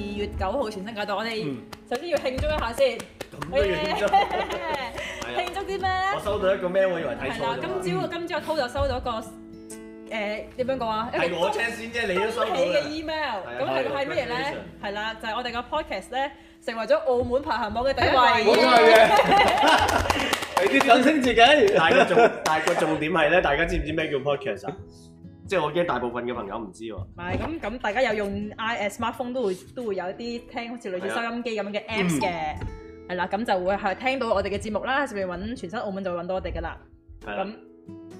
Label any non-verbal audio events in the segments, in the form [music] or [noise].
二月九號傳新解毒，我哋首先要慶祝一下先。咁都要慶祝？慶祝啲咩咧？我收到一個 mail，我以為睇錯啦。今朝今朝阿濤就收咗個誒，點樣講啊？我聽先啫，你都收啦。你嘅 email 咁係，係咩咧？係啦，就係我哋個 podcast 咧，成為咗澳門排行榜嘅第一位。冇錯嘅，掌聲自己。大個重大個重點係咧，大家知唔知咩叫 podcast 啊？即係我驚大部分嘅朋友唔知喎、啊。唔係咁咁， [noise] [noise] [noise] 大家有用 I S smartphone 都會 [noise] 都會有一啲聽好似類似收音機咁樣嘅 Apps 嘅，係啦，咁 [noise] [noise] [noise] 就會係聽到我哋嘅節目啦。上面揾傳新澳門就會揾到我哋噶啦。係啊。 [noise] [noise] [noise] [noise]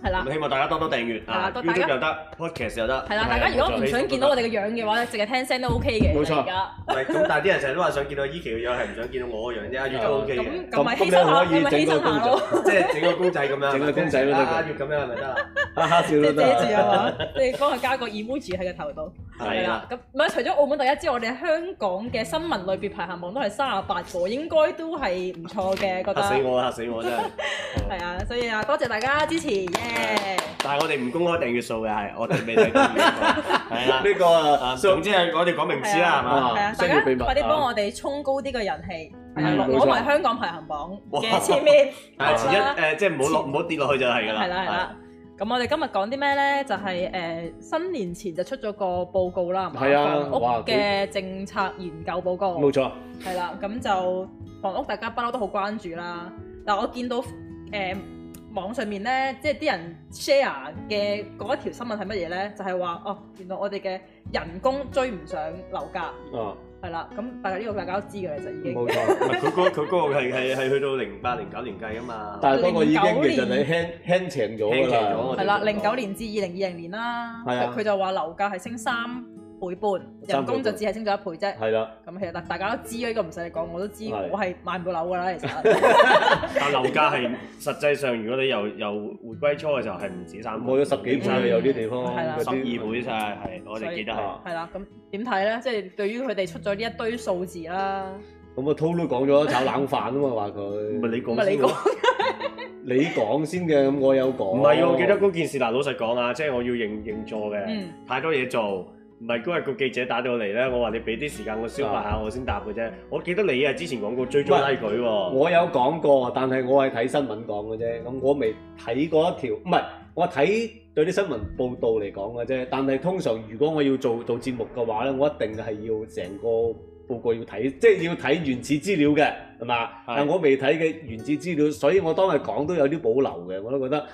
係啦，希望大家多多訂閱啊 YouTube 又得，Podcast 又得。係啦，大家如果唔想見到我哋嘅樣嘅話咧，淨係聽聲都 OK 嘅。冇錯。但係啲人成日都話想見到依琪嘅樣，係唔想見到我嘅樣啫。阿月都 OK 嘅。咁，咁點可以整個公仔？即係整個公仔咁樣。整個公仔啦，阿月咁樣係咪得啊？哈哈笑都得。即係遮住啊嘛，即係幫佢加個 emoji 喺個頭度。係啦，咁唔係除咗澳門第一之外，我哋香港嘅新聞類別排行榜都係三十八個，應該都係唔錯嘅，覺得嚇死我啦，嚇死我，真係，係啊，所以啊，多謝大家支持耶！但係我哋唔公開訂閱數嘅係，我哋未睇到。呢個啊，總之係我哋講明先啦，係嘛？大家快啲幫我哋衝高啲個人氣，攞埋香港排行榜嘅前面啦！誒，即係唔好落唔好跌落去就係㗎啦。咁我哋今日講啲咩呢？就係、是、誒、呃、新年前就出咗個報告啦，房、啊、吧屋嘅政策研究報告。冇錯錯，係啦、啊。咁就房屋大家不嬲都好關注啦。嗱、啊，我見到誒、呃、網上面呢，即係啲人 share 嘅嗰一條新聞係乜嘢呢？就係、是、話哦，原來我哋嘅人工追唔上樓價。啊。係啦，咁但係呢個大家都知嘅啦，實已經冇錯。佢嗰佢嗰個係係去到零八零九年計啊嘛，但係嗰個已經其實你輕輕長咗㗎啦。係啦了，零九了年至二零二零年啦，佢的就話樓價係升三、嗯。倍半，人工就只係升咗一倍啫。係啦。咁其實大大家都知呢個，唔使你講，我都知。係。我係買唔到樓㗎啦。其實。但樓價係實際上，如果你由由回歸初嘅時候係唔止三倍。冇咗十幾倍，有啲地方。係啦。十二倍曬，係我哋記得係。係啦，咁點睇咧？即係對於佢哋出咗呢一堆數字啦。咁啊，滔都講咗炒冷飯啊嘛，話佢。唔係你講。唔係你講。你講先嘅，咁我有講。唔係，我記得嗰件事嗱，老實講啊，即係我要認認錯嘅，太多嘢做。唔係嗰日個記者打到嚟咧，我話你俾啲時間我消化下，我先答嘅啫。啊、我記得你啊，之前講過最終係佢喎。我有講過，但係我係睇新聞講嘅啫。咁我未睇過一條，唔係我睇對啲新聞報道嚟講嘅啫。但係通常如果我要做做節目嘅話咧，我一定係要成個報告要睇，即係要睇原始資料嘅，係嘛？係。但我未睇嘅原始資料，所以我當日講都有啲保留嘅。我都覺得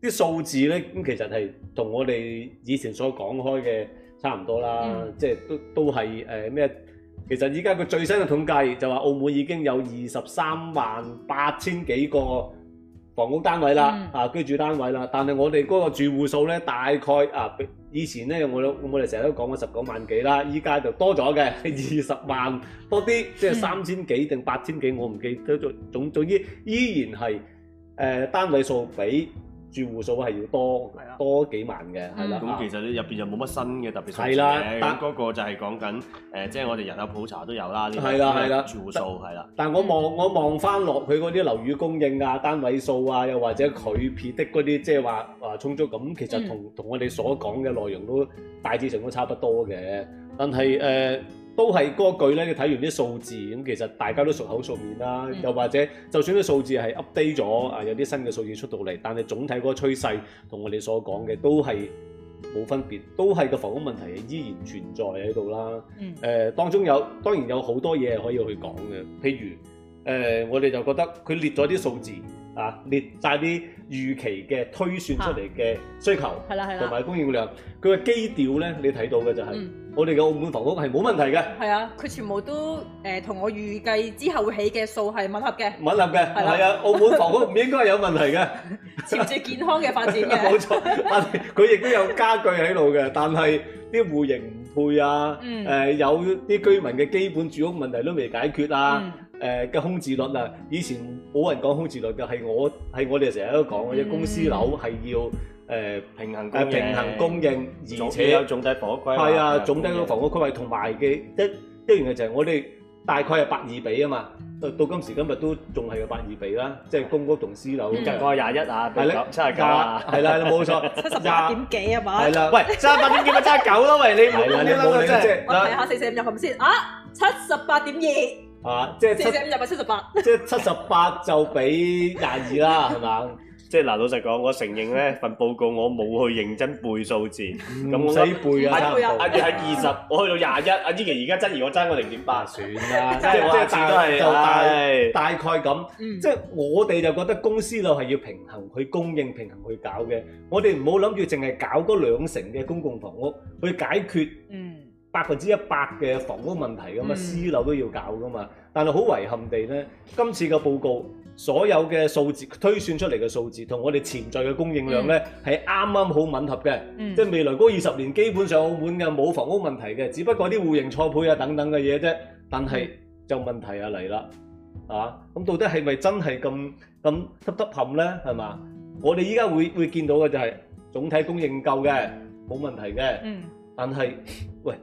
啲數字咧，咁其實係同我哋以前所講開嘅。差唔多啦，即係都都係誒咩？其實依家佢最新嘅統計就話，澳門已經有二十三萬八千幾個房屋單位啦，啊、嗯、居住單位啦。但係我哋嗰個住戶數呢，大概啊，比以前呢，我哋成日都講過十九萬幾啦，依家就多咗嘅二十萬多啲，即係三千幾定八千幾，我唔記得咗。總總之，依然係誒、呃、單位數比。住戶數係要多，多幾萬嘅，係啦。咁其實你入邊又冇乜新嘅特別，得嗰個就係講緊，誒，即係我哋人口普查都有啦，呢啲係啦係啦，住戶數係啦。但係我望我望翻落佢嗰啲樓宇供應啊，單位數啊，又或者佢撇的嗰啲，即係話話充足咁，其實同同我哋所講嘅內容都大致上都差不多嘅，但係誒。都係嗰句咧，你睇完啲數字咁，其實大家都熟口熟面啦。嗯、又或者，就算啲數字係 update 咗，啊，有啲新嘅數字出到嚟，但係總體個趨勢同我哋所講嘅都係冇分別，都係個房屋問題依然存在喺度啦。誒、嗯呃，當中有當然有好多嘢可以去講嘅，譬如誒、呃，我哋就覺得佢列咗啲數字啊，列晒啲預期嘅推算出嚟嘅需求，係啦係啦、同埋、啊、供應量，佢嘅基調呢，你睇到嘅就係、嗯。嗯。我哋嘅澳門房屋係冇問題嘅。係啊，佢全部都誒同我預計之後起嘅數係吻合嘅。吻合嘅係啦。係啊，澳門房屋唔應該係有問題嘅，朝住健康嘅發展嘅。冇錯，但係佢亦都有傢俱喺度嘅，但係啲戶型唔配啊，誒有啲居民嘅基本住屋問題都未解決啊，誒嘅空置率啊，以前冇人講空置率嘅，係我係我哋成日都講嘅，公司樓係要。誒平衡供應，平衡供應，而且有總體房屋區，係啊，總體個房屋區位同埋嘅一一樣嘅就係我哋大概係八二比啊嘛，到今時今日都仲係個八二比啦，即係公屋同私樓大概廿一啊，比九七廿九啊，係啦，冇錯，七十點幾啊嘛，係啦，喂，七十八點幾咪七十九咯，喂，你你你真係，我睇下四四五入咁先，啊，七十八點二啊，即係四四五入咪七十八，即係七十八就比廿二啦，係嘛？即係嗱，老實講，我承認咧份、這個、報告我冇去認真背數字，咁 [laughs] 我死背啊！阿月係二十， [laughs] 20, 我去到廿一，阿芝琪而家爭如我爭個零點八算啦，即係話就大概 [laughs] 大概咁，即係、嗯、我哋就覺得公私樓係要平衡去供應，平衡去搞嘅。我哋唔好諗住淨係搞嗰兩成嘅公共房屋去解決百分之一百嘅房屋問題㗎嘛，嗯嗯、私樓都要搞㗎嘛。但係好遺憾地咧，今次嘅報告。所有嘅數字推算出嚟嘅數字同我哋潛在嘅供應量呢，係啱啱好吻合嘅，即係未來嗰二十年基本上澳門嘅冇房屋問題嘅，只不過啲戶型錯配啊等等嘅嘢啫。但係就問題啊嚟啦，啊咁到底係咪真係咁咁濕濕冚呢？係嘛？我哋依家會會見到嘅就係總體供應夠嘅，冇問題嘅。嗯，但係喂，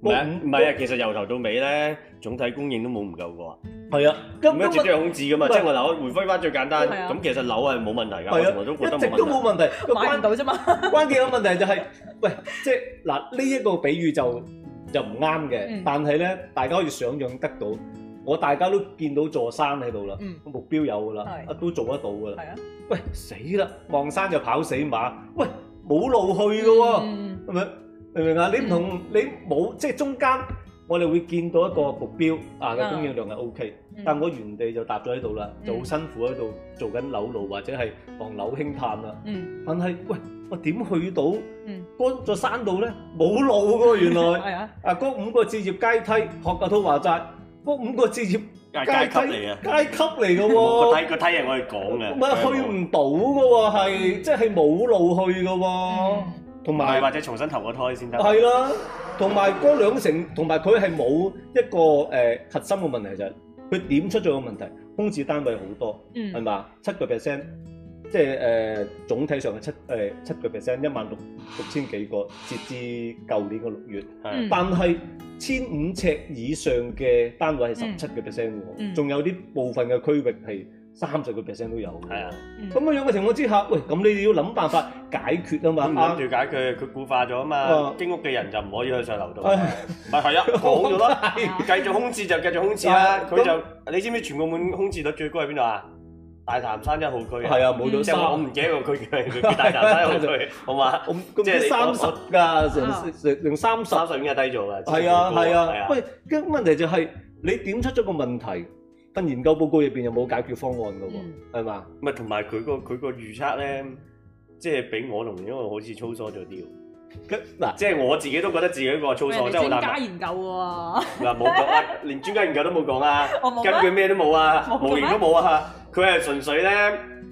唔係唔係啊，其實由頭到尾呢，總體供應都冇唔夠過。係啊，咁咁樣直接控制噶嘛，即係我樓回歸翻最簡單，咁其實樓係冇問題噶，我從來都覺得一直都冇問題，買到啫嘛。關鍵嘅問題就係，喂，即係嗱呢一個比喻就就唔啱嘅，但係咧大家可以想像得到，我大家都見到座山喺度啦，目標有噶啦，都做得到噶啦。喂，死啦，望山就跑死馬，喂，冇路去噶喎，咁樣明唔明啊？你唔同你冇即係中間。我哋會見到一個目標啊嘅供應量係 OK，但我原地就踏咗喺度啦，就好辛苦喺度做緊樓路或者係房樓興騰啦。嗯，但係喂，我點去到嗰座山度咧？冇路嘅喎，原來。係啊。啊，嗰五個置業階梯，學阿滔話齋，嗰五個置業階梯嚟啊。階梯嚟嘅喎。個梯個梯係我哋講嘅。唔係去唔到嘅喎，係即係冇路去嘅喎。同埋或者重新投個胎先得。係啦，同埋嗰兩成，同埋佢係冇一個誒核心嘅問題就係，佢點出咗個問題？空置單位好多，係咪？七個 percent，即係誒總體上係七誒七個 percent，一萬六六千幾個，截至舊年嘅六月。但係千五尺以上嘅單位係十七個 percent 喎，仲有啲部分嘅區域係。三十個 percent 都有，係啊。咁啊樣嘅情況之下，喂，咁你哋要諗辦法解決啊嘛。諗住解決，佢固化咗啊嘛。經屋嘅人就唔可以去上樓度。咪係啊，空咗啦，繼續空置就繼續空置啦。佢就你知唔知全澳門空置率最高喺邊度啊？大潭山一號區啊。係啊，冇咗三。即係我唔記得個區叫咩，叫大潭山一號區，好嘛？即係三十噶，成成成三十上面嘅低咗噶。係啊係啊。喂，嘅問題就係你點出咗個問題？研究報告入邊有冇解決方案噶喎？係嘛？唔係，同埋佢個佢個預測咧，即係比我同，因為好似粗疏咗啲。嗱，即係我自己都覺得自己個粗疏真係難民。專家研究喎，嗱，冇講啊，連專家研究都冇講啊，根據咩都冇啊，模型都冇啊，佢係純粹咧，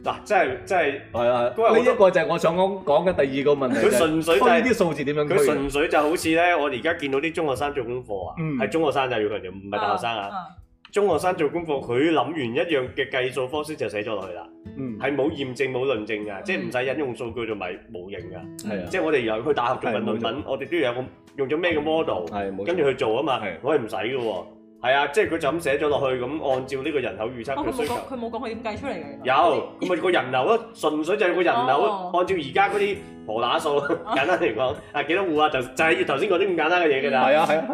嗱即係即係係啊。呢一個就係我想講講嘅第二個問題。佢純粹，呢啲數字點樣？佢純粹就好似咧，我哋而家見到啲中學生做功課啊，係中學生就要佢哋，唔係大學生啊。中學生做功課，佢諗完一樣嘅計數方式就寫咗落去啦，係冇驗證冇論證嘅，嗯、即係唔使引用數據同埋模型嘅，就是的啊、即係我哋有去大學做份論文，我哋都要有用咗咩嘅 model 跟住去做啊嘛，可以唔使嘅喎。係啊，即係佢就咁寫咗落去，咁按照呢個人口預測嘅需求，佢冇講佢點計出嚟嘅。有，咁啊個人流咯，純粹就係個人流，按照而家嗰啲婆乸數，簡單嚟講，係幾多戶啊？就就要頭先嗰啲咁簡單嘅嘢噶啦。係啊係啊，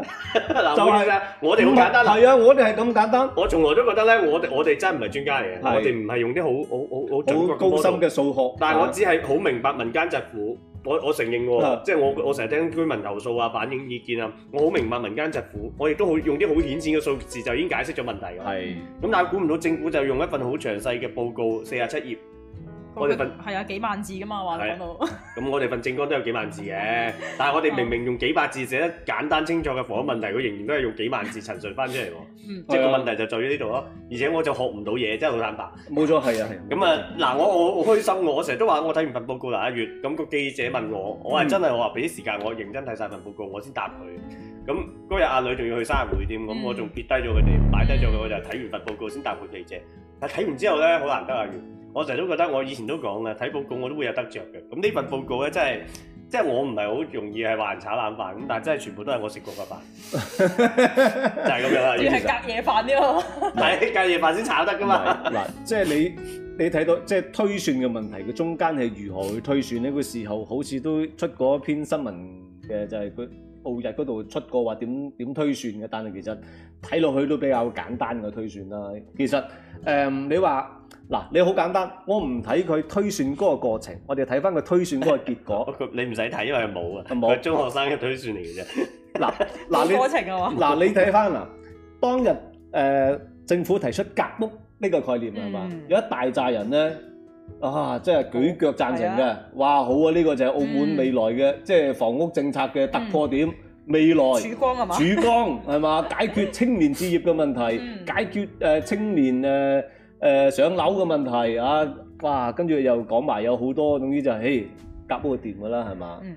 嗱，好嘅，我哋好簡單。係啊，我哋係咁簡單。我從來都覺得咧，我哋我哋真係唔係專家嚟嘅，我哋唔係用啲好好好好高深嘅數學，但我只係好明白民間疾苦。我我承認喎，嗯、即係我我成日聽居民投訴啊、反映意見啊，我好明白民間疾苦，我亦都好用啲好顯淺嘅數字就已經解釋咗問題㗎。係是，咁但係估唔到政府就用一份好詳細嘅報告，四十七頁。我哋份係啊，有幾萬字噶嘛，話你講到的。咁 [laughs] 我哋份正稿都有幾萬字嘅， [laughs] 但係我哋明明用幾百字寫得簡單清楚嘅房屋問題，佢 [laughs] 仍然都係用幾萬字陳述翻出嚟喎。 [laughs] 嗯、即係個問題就在於呢度咯。而且我就學唔到嘢，真係好坦白。冇錯，係啊，係。咁啊，嗱，我我好開心，我成日都話我睇完份報告啦，阿月。咁、個記者問我，我係真係我話俾啲時間我認真睇晒份報告，我先答佢。咁嗰日阿女仲要去生日會添，咁我仲撇低咗佢哋，擺低咗佢，我就睇完份報告先答佢記者。但睇完之後咧，好難得啊月。我成日都覺得我以前都講啦，睇報告我都會有得着嘅。咁呢份報告咧，真係，即係我唔係好容易係話人炒冷飯咁，但係真係全部都係我食過嘅飯， [laughs] [laughs] 就係咁樣啦。要係實隔夜飯啫喎，係 [laughs] 隔夜飯先炒得噶嘛。嗱，即係、就是、你你睇到即係、就是、推算嘅問、， [laughs] 嗯就是、問題，佢中間係如何去推算呢？佢時候好似都出過一篇新聞嘅，就係佢澳日嗰度出過話點點推算嘅。但係其實睇落去都比較簡單嘅推算啦。其實誒、呃，你話。嗯嗯嗯嗯嗯嗯嗯嗯嗱，你好簡單，我唔睇佢推算嗰個過程，我哋睇翻佢推算嗰個結果。你唔使睇，因為冇啊，係中學生嘅推算嚟嘅啫。嗱嗱，你過程啊嘛。嗱，你睇翻啦，當日誒政府提出夾屋呢個概念係嘛？有一大扎人咧啊，即係舉腳贊成嘅。哇，好啊！呢個就係澳門未來嘅即係房屋政策嘅突破點。未來曙光係嘛？曙光係嘛？解決青年置業嘅問題，解決誒青年誒。誒、呃、上樓嘅問題啊，哇！跟住又講埋有好多總之就係、是、夾屋掂嘅啦，係嘛？嗯、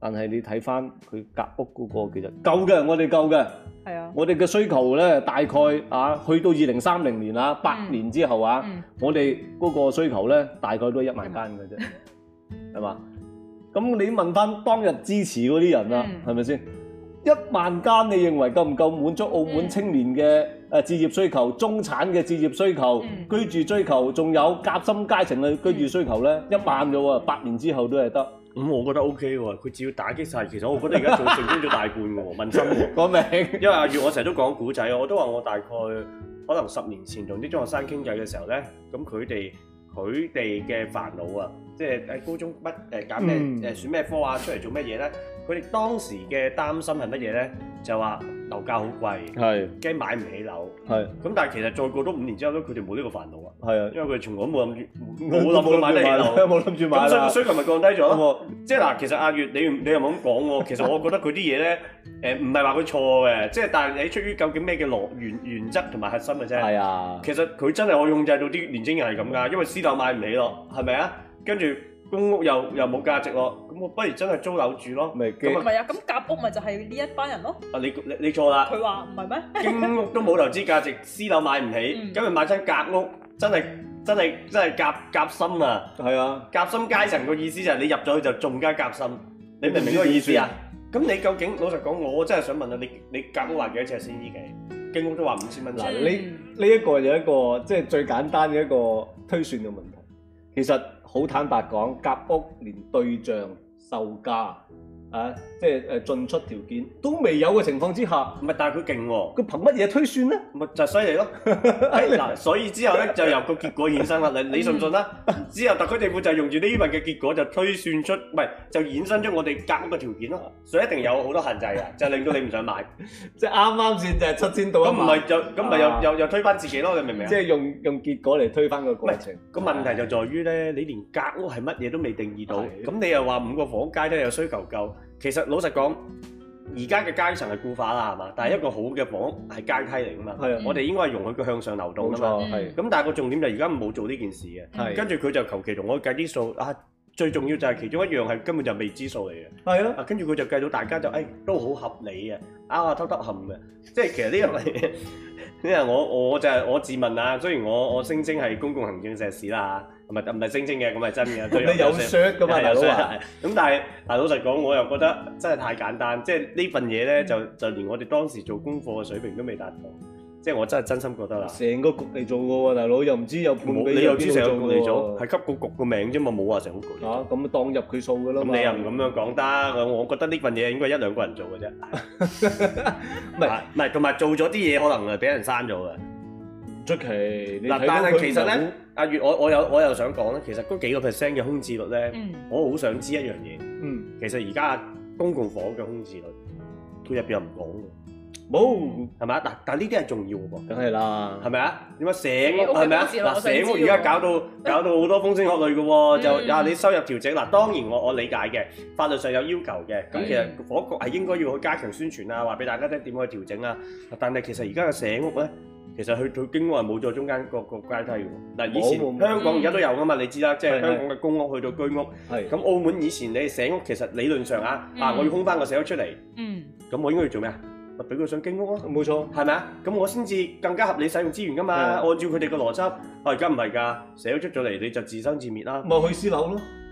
但係你睇翻佢夾屋嗰、那個其實夠嘅，我哋夠嘅。係啊、嗯，我哋嘅需求咧大概啊，去到二零三零年啊，八年之後、嗯、啊，我哋嗰個需求咧大概都係一萬間嘅啫，係嘛、嗯？咁你問翻當日支持嗰啲人啊，係咪先？一萬間你認為夠唔夠滿足澳門青年嘅、嗯？嗯誒置業需求、中產嘅置業需求、嗯、居住追求，仲有夾心階層嘅居住需求咧，一萬嘅喎，八年之後都係得。咁、嗯、我覺得 OK 喎，佢只要打擊晒，其實我覺得而家仲成功咗大半嘅喎，民生講明，因為阿月我成日都講古仔啊，我都話我大概可能十年前同啲中學生傾偈嘅時候咧，咁佢哋佢哋嘅煩惱啊，即係喺高中乜誒揀咩誒選咩科啊，出嚟做咩嘢咧？佢哋當時嘅擔心係乜嘢咧？就話樓價好貴，驚是買唔起樓。咁是但係其實再過多五年之後咧，佢哋冇呢個煩惱啊。係啊，因為佢哋從來都冇諗住冇諗住買樓，冇諗住買樓。咁所以個需求咪降低咗咯？即係嗱，其實阿月，你你又冇咁講喎。其實我覺得佢啲嘢咧，誒唔係話佢錯嘅，即係但係你出於究竟咩嘅樂原原則同埋核心嘅啫。係啊的，的其實佢真係我控制到啲年青人係咁噶，因為私樓買唔起咯，係咪啊？跟住。公屋又又冇價值咯，咁我不如真係租樓住咯，咪？唔係啊，咁夾屋咪就係呢一班人咯。啊，你你你錯啦，佢話唔係咩？經屋都冇投資價值，私樓買唔起，今日買親夾屋，真係真係真係夾夾心啊！係啊，夾心階層個意思就係你入咗去就仲加夾心，你明唔明個意思啊？咁你究竟老實講，我真係想問啊，你你夾屋話幾多尺先？依幾？經屋都話五千蚊尺。嗱，呢呢一個有一個即係最簡單嘅一個推算嘅問題，其實。好坦白講，夾屋連對象售價。啊，即係誒進出條件都未有嘅情況之下，咪但係佢勁喎，佢憑乜嘢推算咧？咪就係犀利咯。嗱，所以之後咧就由個結果衍生啦。你你信唔信啦？之後特區政府就用住呢份嘅結果就推算出，唔係就衍生出我哋隔屋嘅條件咯。所以一定有好多限制嘅，就令到你唔想買，即係啱啱先就係七千到。咁唔係就咁咪又又又推翻自己咯？你明唔明啊？即係用用結果嚟推翻個過程。個問題就在於咧，你連隔屋係乜嘢都未定義到，咁你又話五個房階都有需求夠。其實老實講，而家嘅階層係固化啦，係嘛？但係一個好嘅房屋係階梯嚟噶嘛。係啊、嗯，我哋應該係容許佢向上流動啊嘛。係。咁但係個重點就係而家冇做呢件事嘅。係是。跟住佢就求其同我計啲數。啊，最重要就係其中一樣係根本就未知數嚟嘅。係咯的。跟住佢就計到大家就，哎，都好合理啊，偷偷冚嘅。即係其實呢樣嘢，呢個的 [laughs] 我我就係、我自問啊，雖然我我聲稱係公共行政碩士啦嚇。唔係唔係聲稱嘅，咁係真嘅。你有 shot 㗎嘛，大佬？咁但係，但係老實講，我又覺得真係太簡單，即係呢份嘢咧，就就連我哋當時做功課嘅水平都未達到，即係我真係真心覺得啦。成個局嚟做過喎，大佬，又唔知又判俾你，又知成個局嚟做，係給個局個名啫嘛，冇話成個局。嚇，咁當入佢數嘅咯。咁你又唔咁樣講得？我覺得呢份嘢應該一兩個人做嘅啫。唔係唔係，同埋做咗啲嘢可能係俾人刪咗嘅。出奇嗱，但係其實咧，阿月，我我又我又想講咧，其實嗰幾個 percent 嘅空置率咧，我好想知一樣嘢。嗯，其實而家公共房屋嘅空置率，佢入邊又唔講嘅，冇係咪啊？但但呢啲係重要嘅噃，梗係啦，係咪啊？點解社屋係咪啊？嗱，社屋而家搞到搞到好多風聲鶴唳嘅喎，就又話你收入調整嗱，當然我我理解嘅，法律上有要求嘅，咁其實房局係應該要去加強宣傳啊，話俾大家聽點去調整啊。但係其實而家嘅社屋咧。其實去到經屋係冇咗中間個個階梯嘅，嗱，以前香港而家都有噶嘛，你知啦，即係香港嘅公屋去到居屋，咁澳門以前你社屋其實理論上啊，啊我要空返個社屋出嚟，咁我應該要做咩啊？咪俾佢上經屋咯，冇錯，係咪啊？咁我先至更加合理使用資源噶嘛，按照佢哋嘅邏輯，我而家唔係噶，社屋出咗嚟你就自生自滅啦，咪去私樓咯。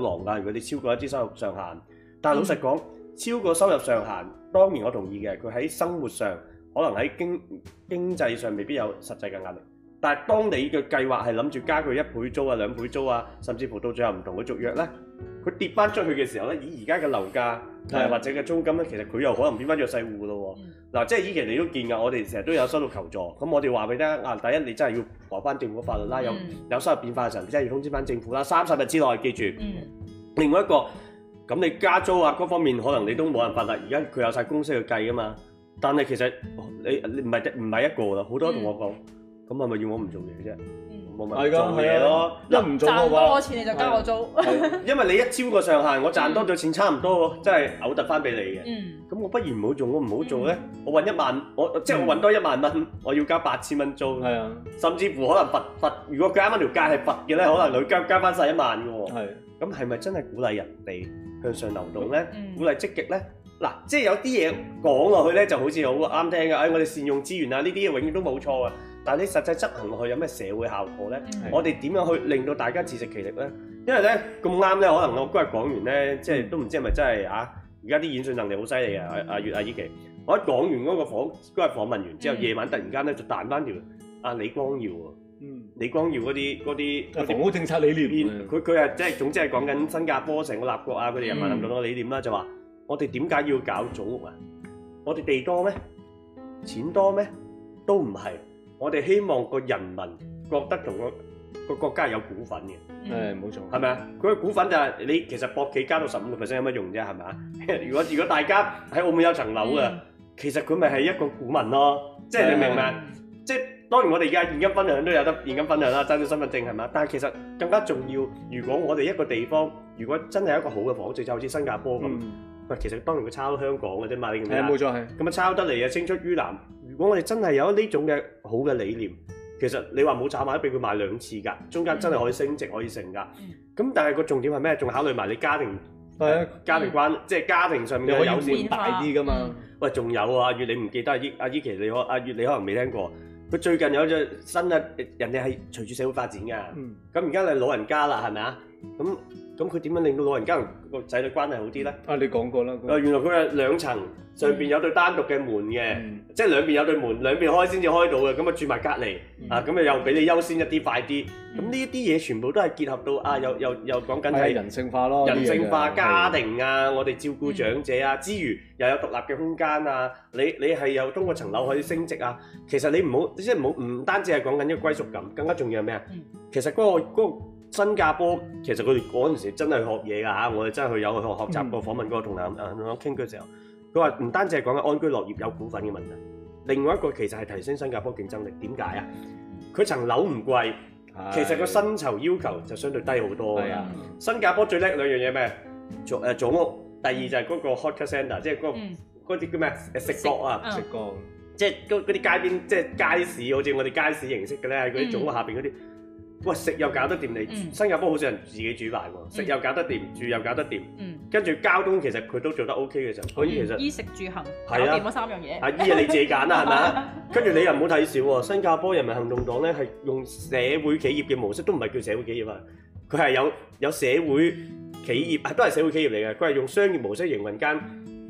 狼㗎，如果你超過一啲收入上限，但係老實講，嗯、超過收入上限，當然我同意嘅，佢喺生活上可能喺經經濟上未必有實際嘅壓力。但係，當你嘅計劃係諗住加佢一倍租啊、兩倍租啊，甚至乎到最後唔同嘅續約咧，佢跌翻出去嘅時候咧，以而家嘅樓價，係、mm hmm. 或者嘅租金咧，其實佢又可能變翻咗勢戶噶咯喎。嗱、mm hmm. 啊，即係以前你都見噶，我哋成日都有收到求助。咁我哋話俾你聽啊，第一你真係要攞翻政府法律啦，有、mm hmm. 有收入變化嘅時候，你真係要通知翻政府啦。三十日之內記住。Mm hmm. 另外一個咁你加租啊嗰方面，可能你都冇人法達。而家佢有晒公式去計噶嘛，但係其實你你唔係唔係一個啦，好多同我講。Mm hmm. mm hmm. 咁係咪要我唔做嘢啫？我咪做嘢咯，一唔做嘅話，賺多我錢你就加我租。因為你一超過上限，我賺多咗錢差唔多，真係嘔凸翻俾你嘅。咁我不如唔好做，我唔好做咧，我搵一萬，我即係搵多一萬蚊，我要加八千蚊租。係啊，甚至乎可能罰罰，如果啱啱條街係罰嘅咧，可能你加加翻晒一萬嘅喎。係，咁係咪真係鼓勵人哋向上流動咧？鼓勵積極咧？嗱，即係有啲嘢講落去咧，就好似好啱聽嘅。哎，我哋善用資源啊，呢啲嘢永遠都冇錯啊。但係你實際執行落去有咩社會效果咧？的我哋點樣去令到大家自食其力咧？因為咧咁啱咧，可能我嗰日講完咧，嗯、即係都唔知係咪真係啊！而家啲演訊能力好犀利啊！阿阿月阿依琪，我一講完嗰個訪嗰日訪問完之後，夜、嗯、晚突然間咧就彈翻條阿李光耀啊。嗯，李光耀嗰啲嗰啲房屋政策理念，佢佢係即係總之係講緊新加坡成個立國啊，佢哋人民立國嘅理念啦，嗯、就話我哋點解要搞組屋啊？我哋地多咩？錢多咩？都唔係。我哋希望個人民覺得同個個國家有股份嘅，誒冇錯，係咪啊？佢個股份就係你其實博企加到十五個 percent 有乜用啫？係咪啊？如果如果大家喺澳門有層樓嘅，嗯、其實佢咪係一個股民咯。嗯、即係你明唔明？嗯、即係當然我哋而家現金分享都有得現金分享啦，揸張身份證係嘛。但係其實更加重要，如果我哋一個地方如果真係一個好嘅房，就就好似新加坡咁。喂、嗯，其實當然佢抄香港嘅啫嘛，你明唔明？冇錯，係咁啊，抄得嚟啊，青出於藍。如果我哋真係有呢種嘅好嘅理念，其實你話冇炒賣都俾佢買兩次㗎，中間真係可以升值可以成㗎。咁、嗯、但係個重點係咩？仲考慮埋你家庭家庭關，嗯、即係家庭上面嘅友善大啲㗎嘛。喂、嗯，仲有啊，月你唔記得阿依阿依琪你可阿月你可能未聽過，佢最近有隻新啊，人哋係隨住社會發展㗎。咁而家你老人家啦，係咪啊？咁咁佢點樣令到老人家同個仔女關係好啲呢？啊，你講過啦。那個、原來佢係兩層上邊有對單獨嘅門嘅，即係、嗯、兩邊有對門，兩邊開先至開到嘅。咁、嗯、啊，住埋隔離啊，咁啊又俾你優先一啲，快啲、嗯。咁呢啲嘢全部都係結合到啊，又又又講緊係人性化咯，人性化家庭啊，的我哋照顧長者啊、嗯、之餘又有獨立嘅空間啊。你你係有通過層樓可以升職啊。其實你唔好，即係唔好唔單止係講緊一個歸屬感，更加重要係咩啊？其實嗰、嗰個嗰、嗰個嗰個新加坡其實佢哋嗰陣時真係學嘢㗎嚇，我哋真係去有去學習過訪問嗰個同人啊，同我傾嘅時候，佢話唔單止係講緊安居樂業有股份嘅問題，另外一個其實係提升新加坡競爭力。點解啊？佢層樓唔貴，其實個薪酬要求就相對低好多嘅。新加坡最叻兩樣嘢咩？做誒組屋，第二就係嗰個 hawker center，即係嗰啲叫咩食閣啊，食閣，即係嗰啲街邊即係街市，好似我哋街市形式嘅咧，嗰啲組屋下邊嗰啲。喂，食又搞得掂，你、嗯、新加坡好少人自己煮飯喎。食又搞得掂，嗯、住又搞得掂，跟住、嗯、交通其實佢都做得 OK 嘅時候，嗯、所以其實衣食住行係啦，嗰、啊、三樣嘢。 [laughs] 啊，衣啊你自己揀啦，係咪？跟住 [laughs] 你又唔好睇少喎。新加坡人民行動黨咧係用社會企業嘅模式，都唔係叫社會企業啊。佢係有有社會企業啊，都係社會企業嚟嘅。佢係用商業模式營運間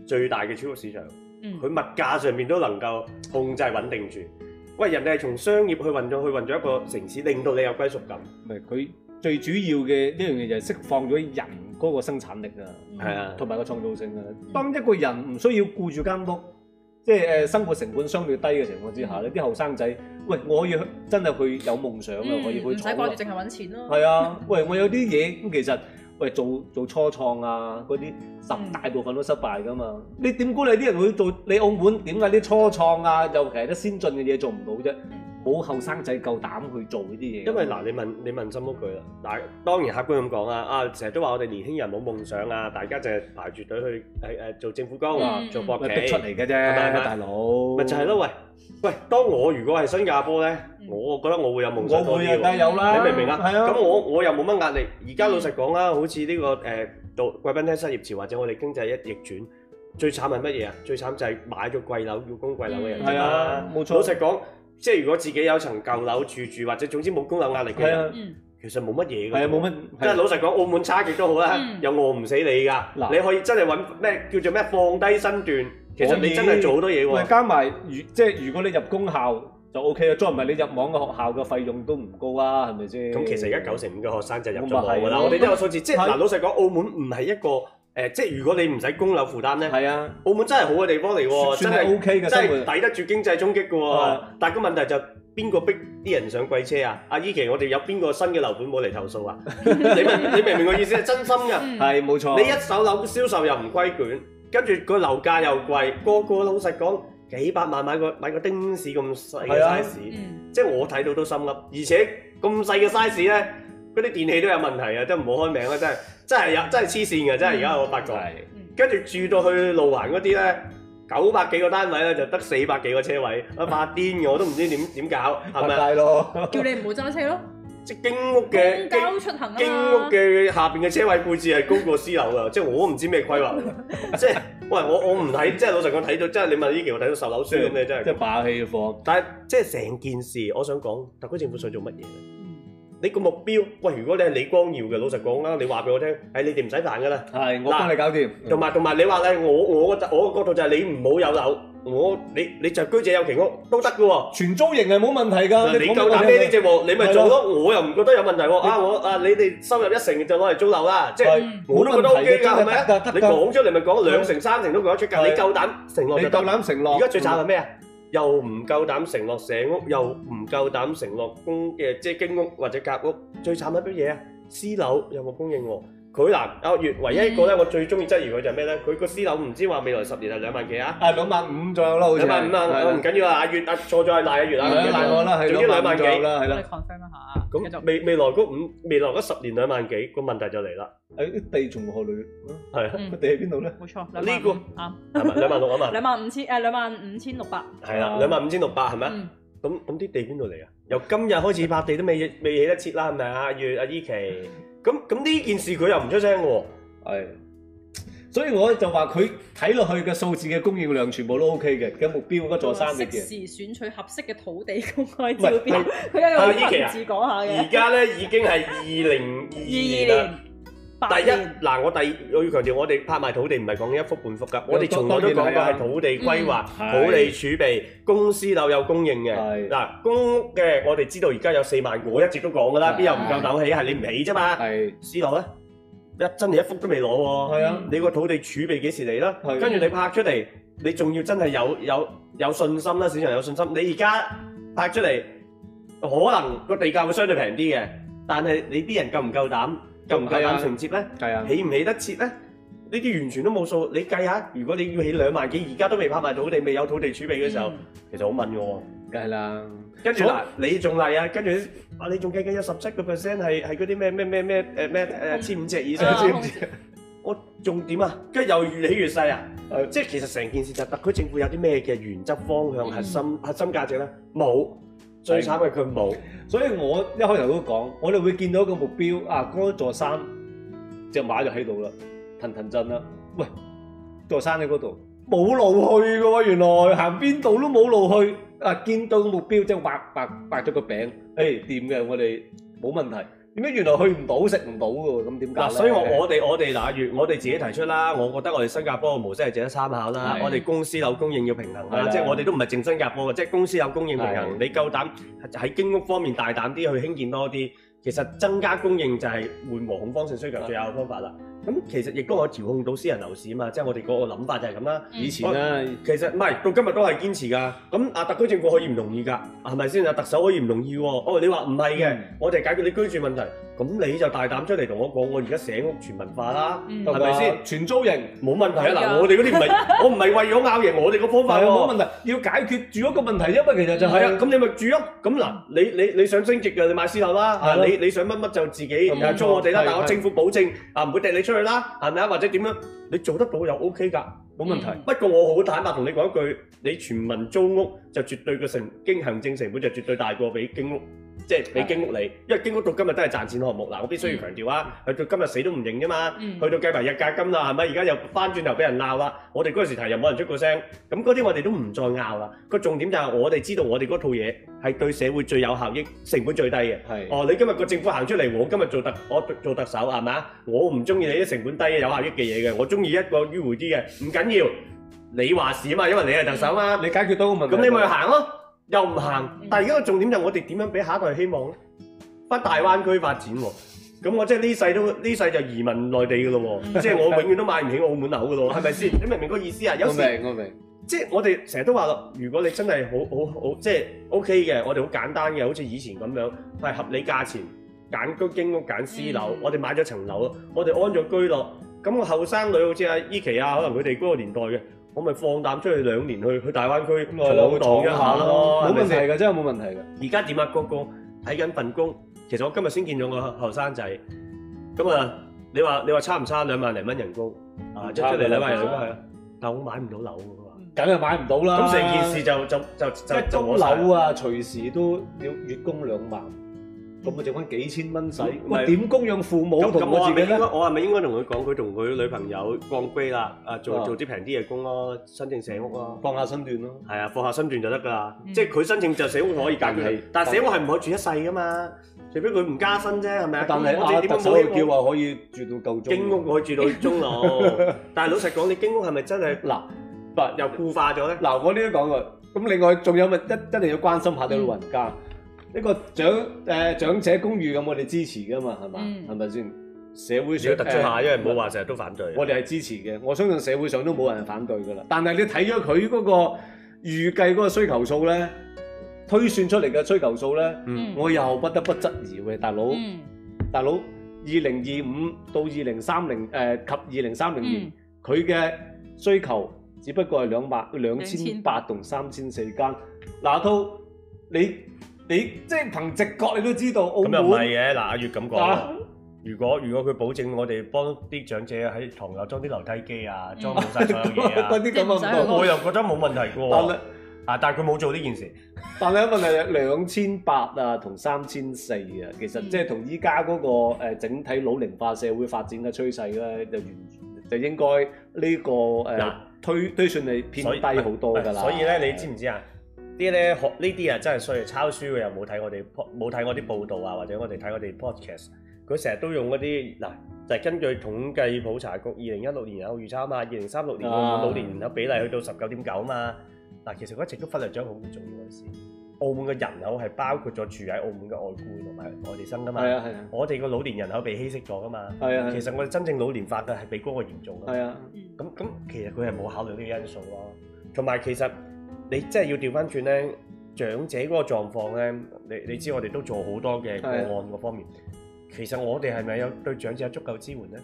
最大嘅超級市場，佢、嗯、物價上面都能夠控制穩定住。喂，人哋係從商業去運作，去運作一個城市，令到你有歸屬感。唔係佢最主要嘅一樣嘢就係釋放咗人嗰個生產力啊，係啊、嗯，同埋個創造性啊。嗯、當一個人唔需要顧住間屋，即係誒生活成本相對低嘅情況之下，你啲後生仔，喂，我要真係去有夢想嘅，嗯、我可以去唔使掛住淨係揾錢咯。係 [laughs] 啊，喂，我有啲嘢咁其實。喂，做做初創啊，嗰啲十大部分都失敗噶嘛？嗯、你點估你啲人會做？你澳門點解啲初創啊，尤其係啲先進嘅嘢做唔到啫？冇後生仔夠膽去做呢啲嘢。因為嗱，你問你問心麼句啦？嗱，當然客觀咁講啊，啊成日都話我哋年輕人冇夢想啊，大家就係排住隊去誒誒做政府工啊，嗯、做博企逼出嚟嘅啫，吧大佬哥咪就係咯，喂！喂，當我如果係新加坡咧，我覺得我會有夢想多啲。我每日都有啦。你明唔明啊？係啊。咁我我又冇乜壓力。而家老實講啦，好似呢個誒到貴賓廳失業潮，或者我哋經濟一逆轉，最慘係乜嘢啊？最慘就係買咗貴樓要供貴樓嘅人係啊，冇錯。老實講，即係如果自己有層舊樓住住，或者總之冇供樓壓力嘅人，其實冇乜嘢噶。係啊，冇乜。即係老實講，澳門差極都好啦，又餓唔死你噶。你可以真係搵咩叫做咩放低身段。其實你真係做好多嘢喎，加埋即係如果你入公校就 O K 啦，再唔係你入網嘅學校嘅費用都唔高啊，係咪先？咁其實而家九成五嘅學生就入咗學噶啦，我哋都有數字，即係嗱老實講，澳門唔係一個誒，即係如果你唔使供樓負擔呢，澳門真係好嘅地方嚟喎，真係 O K 嘅，真係抵得住經濟衝擊噶喎。但係個問題就邊個逼啲人上貴車啊？阿依琪，我哋有邊個新嘅樓盤冇嚟投訴啊？你明你明唔明我意思啊？真心噶，係冇錯，你一手樓銷售又唔規矩。跟住個樓價又貴，個個老實講幾百萬買個買個丁屎咁細嘅 size，即係我睇到都心笠。而且咁細嘅 size 呢，嗰啲電器都有問題啊，即係唔好開名啦，真係真係有真係黐線嘅，真係而家我發覺。跟住、嗯嗯、住到去路環嗰啲呢，九百幾個單位呢，就得四百幾個車位，我發癲嘅我都唔知點點 [laughs] 搞，係咪？叫你唔好揸車咯。即經屋嘅經經屋嘅下邊嘅車位配置係高過私樓噶，即我唔知咩規劃。即喂，我我唔睇，即老實講睇到，即你問呢期我睇到十樓先咧，真係。即爆氣房，但即成件事，我想講，特區政府想做乜嘢咧？你個目標，喂，如果你係李光耀嘅，老實講啦，你話俾我聽，誒，你哋唔使辦噶啦，係，我幫你搞掂。同埋同埋，你話咧，我我我個角度就係你唔好有樓。我你你就居者有其屋都得嘅喎，全租型係冇問題噶。你夠膽咩呢隻房？你咪做咯，我又唔覺得有問題喎。啊，我啊，你哋收入一成就攞嚟租樓啦，即係我都覺得 OK 噶，係咪啊？你講出嚟咪講兩成三成都講得出噶，你夠膽承諾？你夠膽承諾？而家最慘係咩啊？又唔夠膽承諾社屋，又唔夠膽承諾公嘅即係經屋或者夾屋。最慘係乜嘢啊？私樓有冇供應喎？佢嗱阿月，唯一一個咧，我最中意質疑佢就係咩咧？佢個私樓唔知話未來十年係兩萬幾啊？係兩萬五左右咯，兩萬五啊，唔緊要啦，阿月阿錯咗賴啊，月啊，唔緊要，賴我啦，係咯，總之兩萬幾啦，係啦，咁未未來嗰五未來嗰十年兩萬幾個問題就嚟啦。誒啲地從何來？係啊，個地喺邊度咧？冇錯，呢個啊，兩萬六啊嘛，兩萬五千誒，兩萬五千六百，係啦，兩萬五千六百係咪？咁咁啲地邊度嚟啊？由今日開始拍地都未未起得切啦，係咪啊月啊依琪？咁咁呢件事佢又唔出聲喎、哦，所以我就話佢睇落去嘅數字嘅供應量全部都 O K 嘅，嘅目標嗰座山，即、哦、時選取合適嘅土地公開招標，佢 [laughs] 一路文字講、啊、下嘅，而家咧已經係二零二二年。 [laughs] 第一嗱，我第二我要強調，我哋拍賣土地唔係講一幅半幅㗎，我哋從來都講過係土地規劃、土地儲備、公司樓有供應嘅。嗱，公屋嘅我哋知道而家有四萬個，我一直都講㗎啦，邊有唔夠樓起啊？係你唔起啫嘛。私樓咧，一真係一幅都未攞喎。係啊，你個土地儲備幾時嚟啦？跟住你拍出嚟，你仲要真係有有有信心啦，市場有信心。你而家拍出嚟，可能個地價會相對平啲嘅，但係你啲人夠唔夠膽？咁夠唔夠膽承接咧，起唔起得切咧？呢啲完全都冇數，你計下，如果你要起兩萬幾，而家都未拍埋土地，未有土地儲備嘅時候，其實好問嘅喎。梗係啦，跟住嗱，你仲嚟啊？跟住啊，你仲計緊一十七個 percent 係係嗰啲咩咩咩咩誒咩誒千五尺以上，知唔知？我仲點啊？跟住又越起越細啊！即係其實成件事就特區政府有啲咩嘅原則方向核心核心價值咧？冇。最慘嘅佢冇， [laughs] 所以我一開頭都講，我哋會見到一個目標啊，嗰、那個、座山隻馬就喺度啦，騰騰震啦，喂，座山喺嗰度，冇路去嘅喎，原來行邊度都冇路去，啊，見到目標就畫畫畫咗個餅，誒、哎，掂嘅，我哋冇問題。點解原來去唔到食唔到嘅？咁點解？所以我我哋我哋嗱，我哋自己提出啦，我覺得我哋新加坡嘅模式係值得參考啦。的我哋公司有供應要平衡啦，即係的、啊就是、我哋都唔係淨新加坡嘅，即、就、係、是、公司有供應平衡。的你夠膽喺經屋方面大膽啲去興建多啲，其實增加供應就係緩和恐慌性需求最好的方法啦。其實亦都可以調控到私人樓市嘛，即係我哋個諗法就係咁啦。以前呢，其實唔係到今日都係堅持噶。咁特區政府可以唔同意噶，係咪先？特首可以唔同意喎。哦，你話唔係嘅，我哋解決你居住問題，咁你就大膽出嚟同我講，我而家寫屋全文化啦，係咪先？全租型冇問題啊！嗱，我哋嗰啲唔係，我唔係為咗拗贏，我哋個方法冇問題，要解決住嗰個問題，因為其實就係啊，咁你咪住咯。咁嗱，你你想升值嘅，你買私樓啦。你你想乜乜就自己租我哋啦。但我政府保證啊，唔會掟你。啦，係咪？或者點樣？你做得到又 OK 噶，冇問題。嗯、不過我好坦白同你講一句，你全民租屋就絕對嘅成經行政成本就絕對大過俾經屋。即係俾經屋你，因為經屋到今日都係賺錢項目。嗱，我必須要強調啊，去到今日死都唔認啫嘛。去到計埋日價金啦，係咪？而家又翻轉頭俾人鬧啦。我哋嗰陣時提又冇人出過聲，咁嗰啲我哋都唔再拗啦。個重點就係我哋知道我哋嗰套嘢係對社會最有效益、成本最低嘅。係。哦，你今日個政府行出嚟，我今日做特，我做特首係咪啊？我唔中意你啲成本低、有效益嘅嘢嘅，我中意一個迂迴啲嘅。唔緊要，你話事啊嘛，因為你係特首啊嘛，你解決到個問題。咁你咪行咯。又唔行，但係而家個重點就係我哋點樣俾下一代希望呢返大灣區發展喎，啊，咁我即係呢世都呢世就移民內地噶咯喎， [laughs] 即係我永遠都買唔起澳門樓噶咯，係咪先？ [laughs] 你明唔明白個意思啊？有時我明，我明。即係我哋成日都話如果你真係好好好即係 OK 嘅，我哋好簡單嘅，好似以前咁樣，係合理價錢，揀經屋、揀私樓，嗯、我哋買咗層樓，我哋安住居落。咁個後生女好似阿依琪啊，可能佢哋嗰個年代嘅。我咪放膽出去兩年去去大灣區，咁咪攞闖一下咯，冇問題㗎，真係冇問題㗎。而家點啊？個個睇緊份工，其實我今日先見咗個後生仔，咁啊，你話你話差唔差兩萬零蚊人工啊？出出嚟兩萬零蚊係啊，但係我買唔到樓㗎嘛，梗係買唔到啦。咁成件事就就就即係租樓啊，隨時都要月供兩萬。咁我剩翻幾千蚊使，我點供養父母？咁咁我係咪應該？我係咪應該同佢講？佢同佢女朋友降階啦，啊做做啲平啲嘅工咯，申請社屋咯，放下身段咯。係啊，放下身段就得噶啦，即係佢申請就社屋可以隔離，但係社屋係唔可以住一世噶嘛，除非佢唔加薪啫，係咪啊？但係阿特首叫話可以住到夠鐘，經屋可以住到終老，但係老實講，你經屋係咪真係嗱又固化咗咧？嗱，我呢都講過，咁另外仲有咪一一定要關心下啲老人家。呢個長誒、呃、長者公寓咁，我哋支持噶嘛，係嘛、嗯？係咪先？社會上突出下，呃、因為冇話成日都反對。我哋係支持嘅，我相信社會上都冇人反對噶啦。但係你睇咗佢嗰個預計嗰個需求數咧，推算出嚟嘅需求數咧，嗯、我又不得不質疑喂，大佬，嗯、大佬，二零二五到二零三零誒及二零三零年佢嘅，嗯、需求只不過係兩百兩千八同三千四間，嗱到你。呃你即係憑直覺，你都知道澳門。咁又唔係嘅，嗱阿月咁講。如果如果佢保證我哋幫啲長者喺堂樓裝啲樓梯機啊，嗯、裝好曬所啲咁啊，嗯、啊我又覺得冇問題嘅。啊是，但係佢冇做呢件事。但係問題係兩千八啊，同三千四啊，其實即係同依家嗰個整體老齡化社會發展嘅趨勢咧，就完就應該呢、呢個誒推推算係偏低好多㗎啦、啊。所以咧，你知唔知啊？啲咧學呢啲啊，真係衰抄書嘅又冇睇我哋冇睇我啲報道啊，或者我哋睇我哋 podcast，佢成日都用嗰啲嗱就係、根據統計普查局二零一六年有預測啊嘛，二零三六年澳門老年人口比例去到十九點九嘛，嗱其實佢一直都忽略咗好重要嘅事。澳門嘅人口係包括咗住喺澳門嘅外僱同埋外地生噶嘛，我哋個老年人口被稀釋咗噶嘛，其實我哋真正老年化嘅係比嗰個嚴重嘅，咁咁的其實佢係冇考慮呢個因素咯，同埋其實。你真係要調翻轉咧，長者嗰個狀況咧，你你知道我哋都做好多嘅個案嗰方面，是的其實我哋係咪有對長者有足夠支援呢？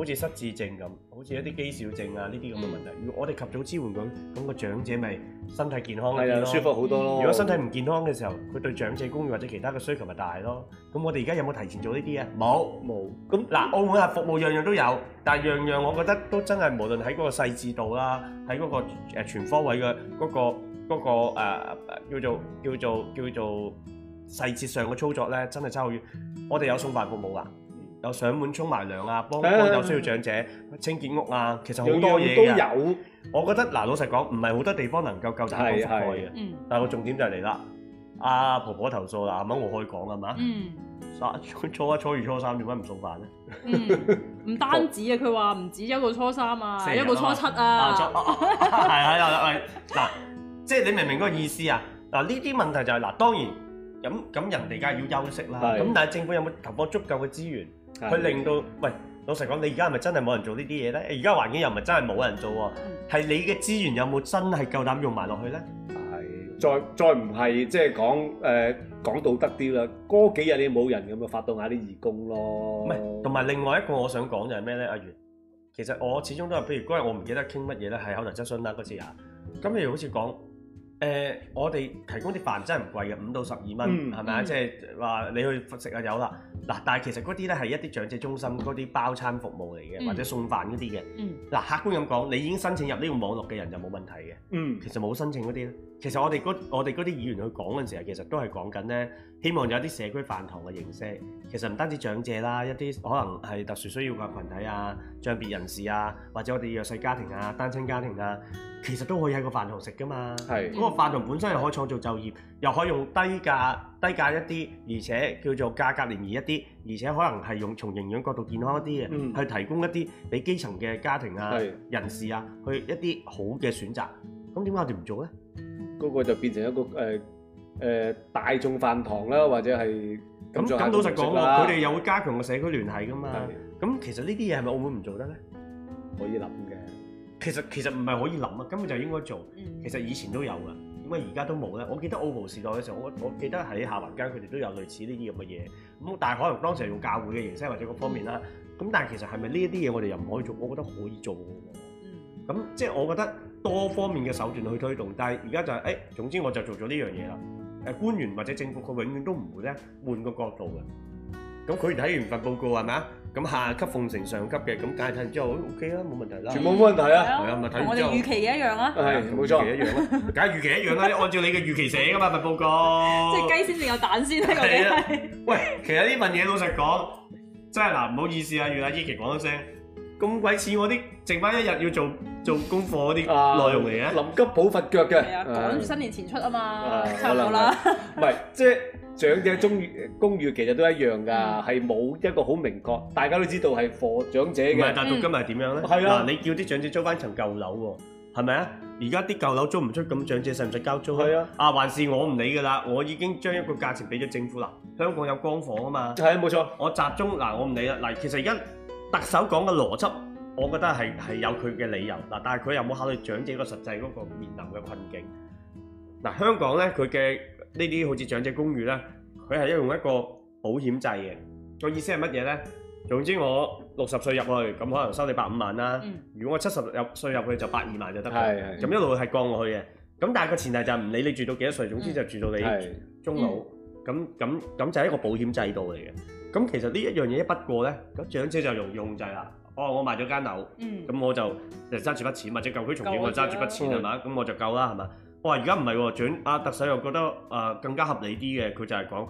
好似失智症咁，好似一啲肌少症啊，呢啲咁嘅問題，嗯、如果我哋及早支援佢，咁、嗰個長者咪身體健康，健康，咪舒服好多。如果身體唔健康嘅時候，佢對長者公寓或者其他嘅需求咪大咯。咁我哋而家有冇提前做呢啲啊？冇，冇。咁嗱那，那澳門啊，服務樣樣都有，但係樣樣我覺得都真係無論喺嗰個細緻度啦，喺嗰、嗰個、呃、全方位嘅嗰、嗰個嗰、嗰個呃、叫做叫做叫做，叫做細節上嘅操作咧，真係差好遠。我哋有送飯服務啊！有上門沖埋涼啊，幫幫有需要長者清潔屋啊，其實好多嘢都有。我覺得嗱，老實講，唔係好多地方能夠夠提供服務嘅。嗯。但係個重點就嚟啦，阿婆婆投訴啦，係咪我可以講啊？嘛。嗯。初一、初二、初三，點解唔送飯咧？唔單止啊！佢話唔止一個初三啊，一個初七啊。係係係。嗱，即係你明唔明嗰意思啊？嗱，呢啲問題就係嗱，當然咁咁人哋梗係要休息啦。係。咁但係政府有冇投放足夠嘅資源？佢令到，喂，老實講，你而家係咪真係冇人做呢啲嘢咧？而家環境又唔係真係冇人做喎、啊，係你嘅資源有冇真係夠膽用埋落去咧？係，再再唔係即係講誒講道德啲啦，嗰幾日你冇人咁咪發動下啲義工咯。唔係，同埋另外一個我想講就係咩咧，阿源，其實我始終都係，譬如嗰日我唔記得傾乜嘢咧，係口頭質詢啦嗰次啊，咁你如好似講。誒，我哋提供啲飯真係唔貴嘅，五到十二蚊，係咪啊？即係話你去食啊有啦，嗱，但係其實嗰啲咧係一啲長者中心嗰啲包餐服務嚟嘅，或者送飯嗰啲嘅。嗱，客觀咁講，你已經申請入呢個網絡嘅人就冇問題嘅。其實冇申請嗰啲咧，其實我哋嗰我哋啲議員去講嗰陣時啊，其實都係講緊咧，希望有啲社區飯堂嘅形式。其實唔單止長者啦，一啲可能係特殊需要嘅群體啊，障別人士啊，或者我哋弱勢家庭啊，單親家庭啊。其實都可以喺個飯堂食噶嘛，咁是個飯堂本身又可以創造就業，是又可以用低價、低價一啲，而且叫做價格廉宜一啲，而且可能係用從營養角度健康一啲嘅，嗯、去提供一啲俾基層嘅家庭啊、是人士啊，去一啲好嘅選擇。咁點解我哋唔做呢？嗰個就變成一個誒誒、呃呃、大眾飯堂啦，或者係咁咁，老實講佢哋又會加強個社區聯繫噶嘛。咁是其實呢啲嘢係咪澳門唔做得呢？可以諗。其實其實唔係可以諗啊，根本就應該做。其實以前都有噶，點解而家都冇咧？我記得澳葡時代嘅時候，我我記得喺下環街佢哋都有類似呢啲咁嘅嘢。咁但係可能當時係用教會嘅形式或者各方面啦。咁但係其實係咪呢一啲嘢我哋又唔可以做？我覺得可以做嘅。咁即係我覺得多方面嘅手段去推動，但係而家就係、是、誒、哎，總之我就做咗呢樣嘢啦。誒官員或者政府佢永遠都唔會咧換個角度嘅。咁佢睇完份報告係咪？咁下級奉承上級嘅，咁但係睇完之後 OK 啦，冇問題啦。全部冇問題啊！嗯、對我哋預期一樣啊。係冇錯，預期一樣啊。梗係 [laughs] 預期一樣啦、啊，你按照你嘅預期寫㗎嘛份報告。 [laughs] 即係雞先至有蛋先？喂， [laughs] 對 [laughs] 其實啲問嘢老實講，真係嗱，唔好意思啊，要阿依琪講一聲。咁鬼似我啲，剩翻一日要做做功課嗰啲內容嚟嘅，臨急抱佛腳嘅，趕住新年前出啊嘛，湊到啦。唔係，即長者公寓，公寓其實都一樣㗎，係冇一個好明確，大家都知道係畀長者嘅。但到今係點樣咧？係啊，你叫啲長者租翻層舊樓喎，係咪啊？而家啲舊樓租唔出，咁長者使唔使交租？係啊。還是我唔理㗎啦，我已經將一個價錢俾咗政府啦。香港有劏房啊嘛，係啊，冇錯。我集中嗱，我唔理啦。嗱，其實因特首講嘅邏輯，我覺得係係有佢嘅理由嗱，但係佢有冇考慮長者個實際嗰個面臨嘅困境？嗱、呃，香港咧佢嘅呢啲好似長者公寓咧，佢係用一個保險制嘅，個意思係乜嘢咧？總之我六十歲入去，咁可能收你百五萬啦；嗯、如果我七十入歲入去就百二萬就得喇，咁、嗯、一路係降落去嘅。咁但係個前提就係唔理你住到幾多歲，總之就住到你中老。咁咁咁就係一個保險制度嚟嘅。咁其實這一過呢一樣嘢一筆過咧，咁長者就容易控制啦、哦。我賣咗間樓，咁、嗯、我就誒揸住筆錢，或者舊區重建了我揸住筆錢係嘛，咁、嗯、我就夠啦係嘛。哇，而家唔係喎，轉阿、啊、特首又覺得、啊、更加合理啲嘅，佢就係講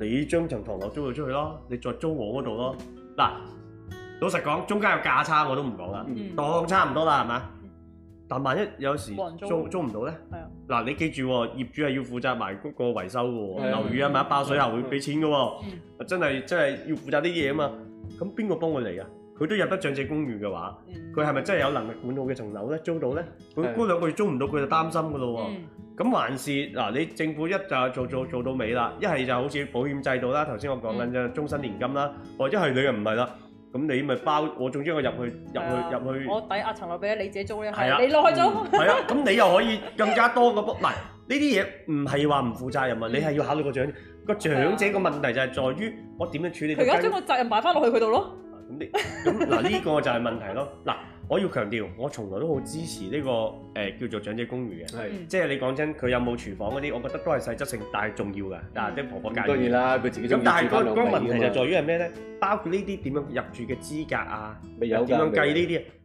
你將層唐樓租佢出去咯，你再租我嗰度咯。嗱，老實講，中間有價差我都唔講啦，嗯、當差唔多啦係嘛。但萬一有時租租唔到咧，嗱你記住，業主係要負責埋嗰個維修嘅，樓宇啊，萬一爆水喉會俾錢嘅，真係真係要負責啲嘢啊嘛。咁邊個幫佢嚟啊？佢都入得長者公寓嘅話，佢係咪真係有能力管到嘅層樓咧？租到咧？佢嗰兩個月租唔到，佢就擔心嘅咯。咁還是嗱，你政府一就做做做到尾啦，一係就好似保險制度啦，頭先我講緊嘅終身年金啦，或者係你又唔係啦。咁你咪包我，總之我入去入去入去，我抵押層樓俾你，你自己租咧，你攞去租。係啊，咁你又可以更加多嗰筆。嗱呢啲嘢唔係話唔負責任啊，你係要考慮個長個長者嘅問題就係在於我點樣處理。而家將個責任埋返落去佢度咯。咁你咁嗱呢個就係問題咯嗱。我要強調，我從來都好支持呢、這個誒、呃、叫做長者公寓嘅，是即係你講真，佢有冇廚房嗰啲，我覺得都係細節性，但重要㗎。嗱、嗯，啲婆婆介意啦，佢自己中意是住翻，但係嗰個問題就在於係咩呢？包括呢啲點樣入住嘅資格啊，點樣計呢啲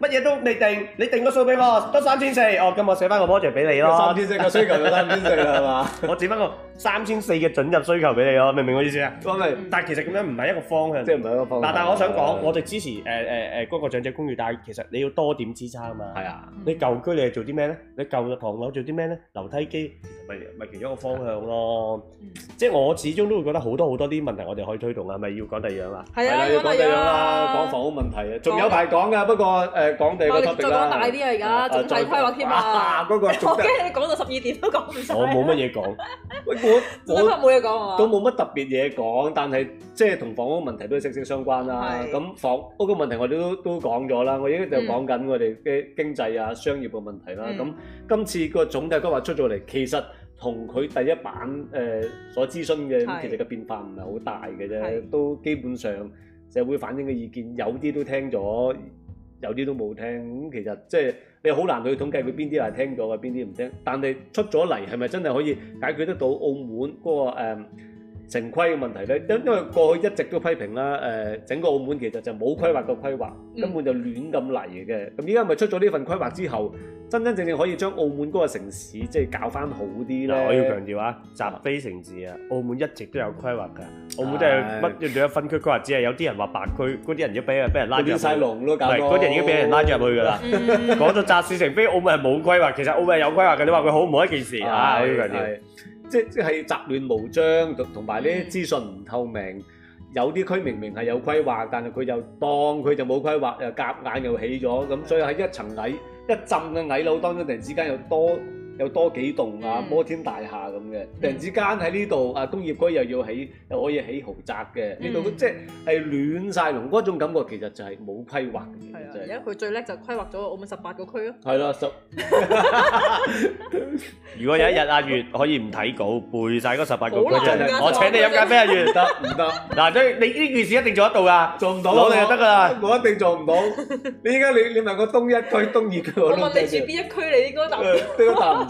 乜嘢都未定，你定個數俾我，得三千四，哦，咁我寫翻個 project 俾你咯。三千四嘅需求就三千四啦，係嘛？我指翻個三千四嘅準入需求俾你咯，明唔明我意思啊？唔係，但係其實咁樣唔係一個方向。即係唔係一個方向。嗱，但係我想講，我哋支持誒誒誒嗰個長者公寓，但係其實你要多點支撐啊嘛。係啊。你舊區你係做啲咩咧？你舊嘅唐樓做啲咩咧？樓梯機其實咪咪其中一個方向咯。嗯。即係我始終都會覺得好多好多啲問題，我哋可以推動啊。係咪要講第二樣啦？係啊。係啦，要講第二樣啦，講房屋問題，仲有排講噶。不過誒。我哋再講大啲啊！而家總體規劃添啊！我驚你講到十二點都講唔晒。我冇乜嘢講。我我我冇嘢講。我都冇乜特別嘢講，但係即係同房屋問題都息息相關啦、啊。咁是房屋個問題我哋都都講咗啦。我依家就講緊、嗯、我哋嘅經濟啊、商業嘅問題啦、啊。咁、嗯、今次個總體規劃出咗嚟，其實同佢第一版誒所諮詢嘅是其實嘅變化唔係好大嘅啫，是都基本上社會反映嘅意見有啲都聽咗。有啲都冇聽，其實、即係、你好難去統計佢邊啲係聽到，邊啲唔聽。但係出咗嚟係咪真係可以解決得到澳門嗰個？um, 城規嘅問題咧，因因為過去一直都批評啦，誒、呃、整個澳門其實就冇規劃個規劃，根本就亂咁嚟嘅。咁依家咪出咗呢份規劃之後，真真正，正正可以將澳門嗰個城市即係搞翻好啲咧。我要強調啊，習非成是啊，嗯、澳門一直都有規劃㗎。嗯、澳門即係乜仲有分區規劃？只係有啲人話白區嗰啲人，人、嗯、人已經俾人俾人拉入去變曬咯，係嗰啲人已經俾人拉咗入去㗎啦。講 [laughs] 到集市成非，澳門係冇規劃，其實澳門係有規劃㗎。你話佢好唔好一件事？啊、哎呃，我要強調。哎呃即係即係雜亂無章，同同埋啲資訊唔透明。有啲區明明係有規劃，但係佢就當佢就冇規劃，又夾硬又起咗。咁所以喺一層矮一浸嘅矮樓當中，突然之間又多。有多幾棟啊摩天大廈咁嘅，突然之間喺呢度啊工業區又要起，又可以起豪宅嘅呢度，即係亂曬龍嗰種感覺，其實就係冇規劃嘅。係啊，而家佢最叻就規劃咗澳門十八個區咯。係咯，十。如果有一日阿月可以唔睇稿背曬嗰十八個區，真係我請你飲間咩月得唔得？嗱，即係你呢件事一定做得到㗎，做唔到，我哋就得㗎啦，我一定做唔到。你依家你你問個東一區、東二區，我哋住邊一區？你應該答？應該答。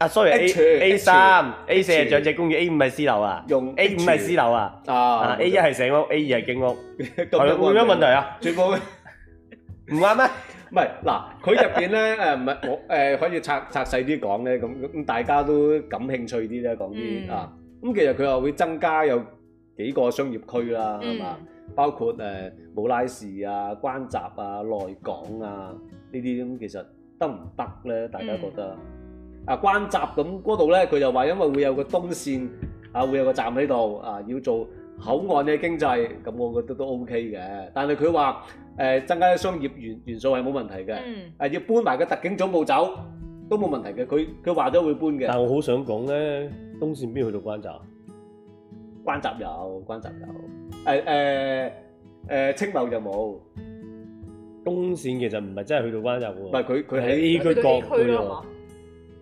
啊，sorry，A A 三、A 四係長者公寓，A 五係私樓啊，用 A 五係私樓啊，啊 A 一係成屋，A 二係經屋，係冇咩問題啊？全部唔啱咩？唔係嗱，佢入邊咧誒，唔係我誒，可以拆拆細啲講咧，咁咁大家都感興趣啲咧，講啲啊。咁其實佢又會增加有幾個商業區啦，係嘛？包括誒慕拉士啊、關閘啊、內港啊呢啲咁，其實得唔得咧？大家覺得？啊，關閘咁嗰度咧，佢就話因為會有個東線啊，會有個站喺度啊，要做口岸嘅經濟，咁、啊、我覺得都 OK 嘅。但係佢話誒增加商業元元素係冇問題嘅，誒、嗯啊、要搬埋個特警總部走都冇問題嘅。佢佢話咗會搬嘅。但係我好想講咧，東線邊去到關閘？關閘有，關閘有。誒誒誒，青茂就冇。啊啊、有有東線其實唔係真係去到關閘喎。唔係佢佢喺 A 區角落。去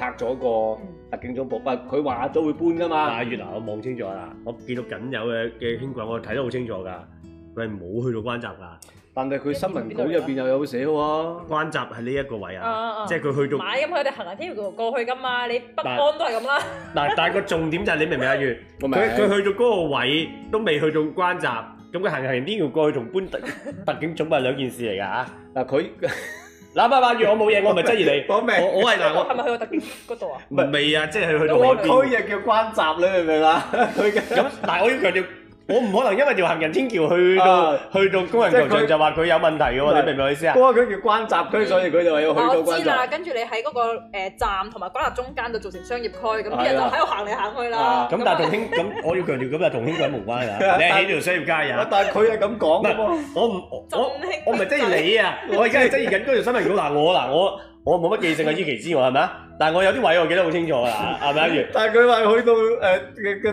拆咗個特警總部，不佢話都會搬噶嘛？阿月，嗱我望清楚啦，我見到僅有嘅嘅輕軌，我睇得好清楚噶，佢冇去到關閘噶。但係佢新聞稿入邊又有寫喎，關閘係呢一個位啊，即係佢去到。因為佢哋行行天橋過去噶嘛，你北安都係咁啦。嗱，但係個重點就係你明唔明阿月？佢佢去到嗰個位都未去到關閘，咁佢行行天橋過去同搬特特警總部係兩件事嚟㗎嚇。嗱佢。嗱，萬萬如我冇嘢， [laughs] 我咪質疑你。命我未，我係嗱，我係咪去過特別嗰度啊？唔係未啊，即係去到我。我區域叫關閘，你明唔明啊？佢嘅咁， [laughs] [laughs] 但係我要強調。我唔可能因為條行人天橋去到去到工人球場就話佢有問題嘅喎，你明唔明我意思啊？嗰個叫關閘區，所以佢就係要去到關閘。我知啦，跟住你喺嗰個站同埋關閘中間就做成商業區，咁啲人喺度行嚟行去啦。咁但係同輕，咁我要強調，咁啊同輕軌冇關噶，你係喺條商業街呀？但係佢係咁講。唔係，我唔我唔係質疑你啊！我而家係質疑緊嗰條新聞。如果我嗱我我冇乜記性啊，依期之外係咪啊？但係我有啲位我記得好清楚啊，係咪啊？但係佢話去到。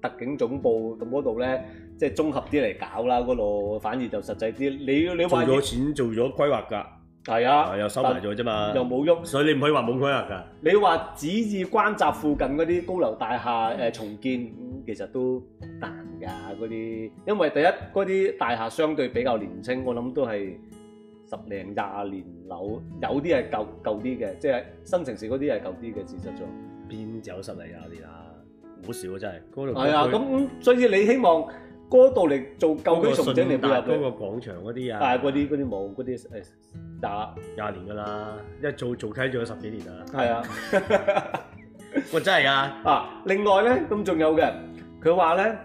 特警總部咁嗰度咧，即係綜合啲嚟搞啦，嗰度反而就實際啲。你你花咗錢做咗規劃㗎，係啊，又收埋咗啫嘛，又冇喐，所以你唔可以話冇規劃㗎。你話只要關閘附近嗰啲高樓大廈誒重建，其實都難㗎嗰啲，因為第一嗰啲大廈相對比較年青，我諗都係十零廿年樓，有啲係舊舊啲嘅，即係新城市嗰啲係舊啲嘅，事實上，邊有十零廿年啊？好少、 [laughs] 那個、啊，真係。係啊，咁所以你希望嗰度嚟做舊區重整嚟配合佢。嗰個廣場嗰啲啊，大嗰啲嗰啲冇嗰啲誒廿廿年噶啦，因為做做溪做咗十幾年啦。係啊，喂真係噶啊！另外咧，咁仲有嘅，佢話咧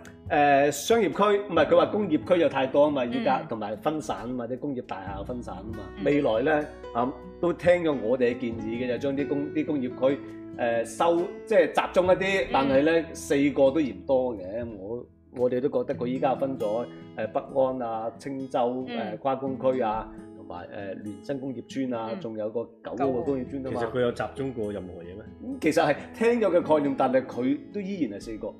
誒商業區唔係佢話工業區又太多啊嘛，而家同埋分散啊嘛，啲工業大廈分散啊嘛。未來咧啊都聽咗我哋嘅建議嘅，就將啲工啲工業區。誒收即係、就是、集中一啲，但係咧，四個都嫌多嘅。我我哋都覺得佢依家分咗誒北安啊、青州誒、嗯呃、跨工區啊，同埋誒聯生工業村啊，仲、嗯、有個九個工業村㗎嘛。其實佢有集中過任何嘢咩？咁其實係聽咗嘅概念，但係佢都依然係四個，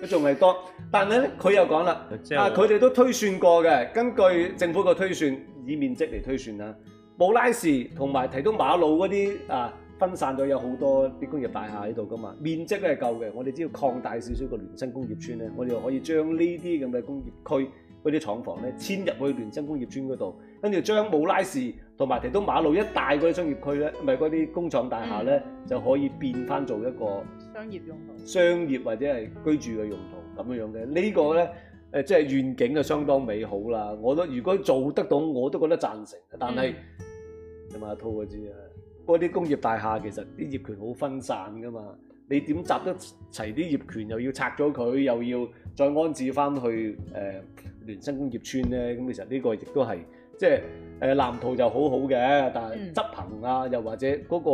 都仲係多。但係咧，佢又講啦， [laughs] 是啊，佢哋都推算過嘅，根據政府個推算，以面積嚟推算啦，布拉斯同埋提督馬路嗰啲啊。分散咗有好多啲工業大廈喺度噶嘛，面積咧係夠嘅。我哋只要擴大少少個聯生工業村咧，嗯、我哋就可以將呢啲咁嘅工業區嗰啲廠房咧遷入去聯生工業村嗰度，跟住將慕拉士同埋提督馬路一帶嗰啲商業區咧，唔係嗰啲工廠大廈咧，嗯、就可以變翻做一個商業用途、商業或者係居住嘅用途咁樣樣嘅。這個、呢個咧誒，嗯、即係願景就相當美好啦。我都如果做得到，我都覺得贊成。但係你馬阿兔嗰啲啊～、嗯嗯嗰啲工業大廈其實啲業權好分散噶嘛，你點集得齊啲業權？又要拆咗佢，又要再安置翻去誒聯新工業村咧，咁其實呢個亦都係即係誒藍圖就好好嘅，但係執行啊，又或者嗰個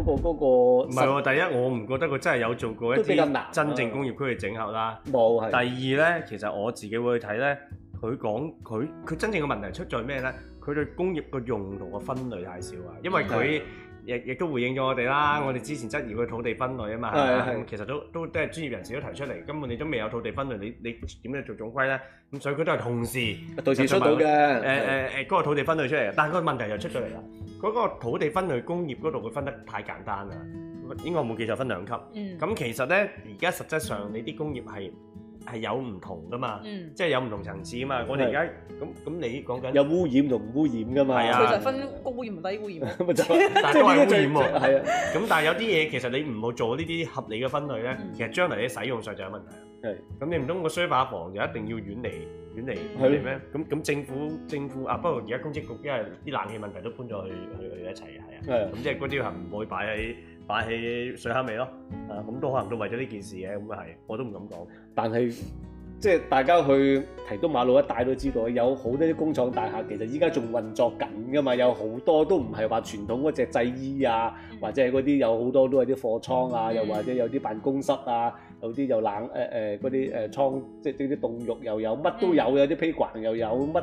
嗰個嗰個唔係喎，第一我唔覺得佢真係有做過一啲真正工業區嘅整合啦。冇係。第二咧，其實我自己會去睇咧，佢講佢佢真正嘅問題出在咩咧？佢對工業個用途嘅分類太少啊，因為佢亦亦都回應咗我哋啦，我哋之前質疑個土地分類啊嘛，係係係其實都都都係專業人士都提出嚟，根本你都未有土地分類，你你點樣做總規咧？咁所以佢都係同時出、嗯、到嘅的，誒誒誒嗰個土地分類出嚟，但係個問題又出咗嚟啦，嗰、嗯、個土地分類工業嗰度佢分得太簡單啦，應該冇記錯分兩級，咁、嗯、其實咧而家實質上你啲工業係。係有唔同噶嘛，即係有唔同層次嘛。我哋而家咁咁，你講緊有污染同唔污染噶嘛？係啊，佢就分高污染同低污染。咁啊就，但係都係污染喎。係啊，咁但係有啲嘢其實你唔好做呢啲合理嘅分類咧，其實將嚟你使用上就有問題。係。咁你唔通個衰把房就一定要遠離遠離咩？咁咁政府政府啊，不過而家公職局因為啲冷氣問題都搬咗去去去一齊啊，係啊。係。咁即係嗰啲係唔可以擺喺。擺起水坑味咯。啊咁都可能都為咗呢件事嘅，咁啊係，我都唔敢講。但係即係大家去提督馬路一帶都知道，有好多啲工廠大廈，其實依家仲運作緊㗎嘛。有好多都唔係話傳統嗰隻製衣啊，或者係嗰啲，有好多都係啲貨倉啊，又或者有啲辦公室啊，有啲又冷誒誒嗰啲誒倉，即係整啲凍肉又有，乜都有，有啲披環又有乜。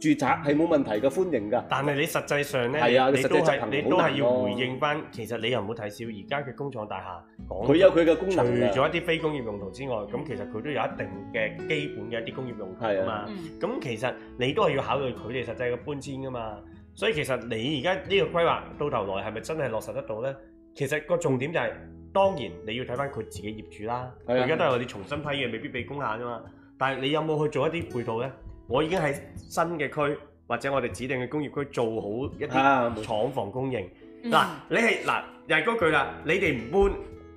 住宅係冇問題嘅，歡迎噶。但係你實際上咧，的你都係要回應翻。其實你又冇睇少而家嘅工廠大廈，佢有佢嘅功能嘅。除咗一啲非工業用途之外，咁、嗯、其實佢都有一定嘅基本嘅一啲工業用途啊嘛。咁的、嗯、其實你都係要考慮佢哋實際嘅搬遷噶嘛。所以其實你而家呢個規劃到頭來係咪真係落實得到咧？其實個重點就係、是、當然你要睇翻佢自己業主啦。而家的都係我哋重新批嘅未必俾工限啫嘛。但係你有冇去做一啲配套咧？我已經喺新嘅區或者我哋指定嘅工業區做好一啲廠房供應。嗱，你係嗱又係嗰句啦，你哋唔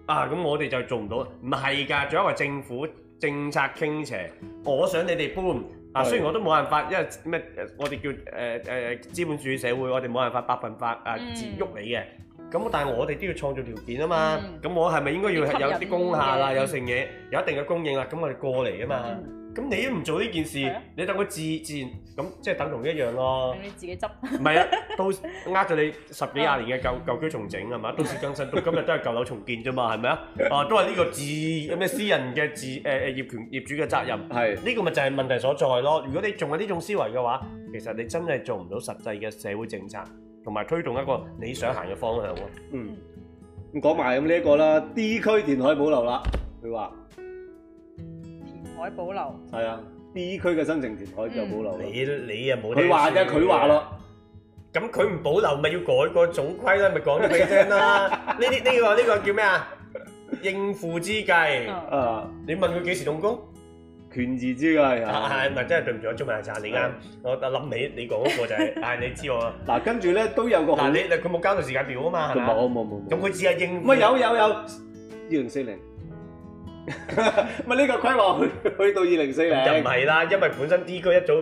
搬啊，咁我哋就做唔到。唔係㗎，仲有為政府政策傾斜，我想你哋搬啊。雖然我都冇辦法，因為咩？我哋叫誒誒資本主義社會，我哋冇辦法百分百誒折喐你嘅。咁但係我哋都要創造條件啊嘛。咁我係咪應該要有啲工廈啦？有成嘢，有一定嘅供應啦。咁我哋過嚟啊嘛。咁你都唔做呢件事，你等佢自自然咁，即係等同一樣咯。你自己執唔係啊？到呃咗你十幾廿年嘅舊舊區重整係嘛？都市更新到今日都係舊樓重建啫嘛，係咪啊？啊都係呢個自咩私人嘅自誒誒業權業主嘅責任，係呢個咪就係問題所在咯。如果你仲有呢種思維嘅話，其實你真係做唔到實際嘅社會政策，同埋推動一個你想行嘅方向咯。嗯，咁講埋咁呢一個啦，D 區填海保留啦，佢話。改保留係啊，B 區嘅新城填海就保留。你你又冇？佢話啫，佢話咯。咁佢唔保留咪要改個總規咧？咪講咗俾你聽啦。呢啲呢個呢個叫咩啊？應付之計。啊，你問佢幾時動工？權宜之計啊。係咪真係對唔住啊？中文渣，你啱。我諗起你講嗰個就係，啊，你知喎。嗱，跟住咧都有個嗱，你佢冇交代時間表啊嘛，係嘛？冇冇冇。咁佢只係應付。乜有有有？二零四零。唔 [laughs] 呢個規劃去去到二零四零年？唔係啦，因為本身 D 區一早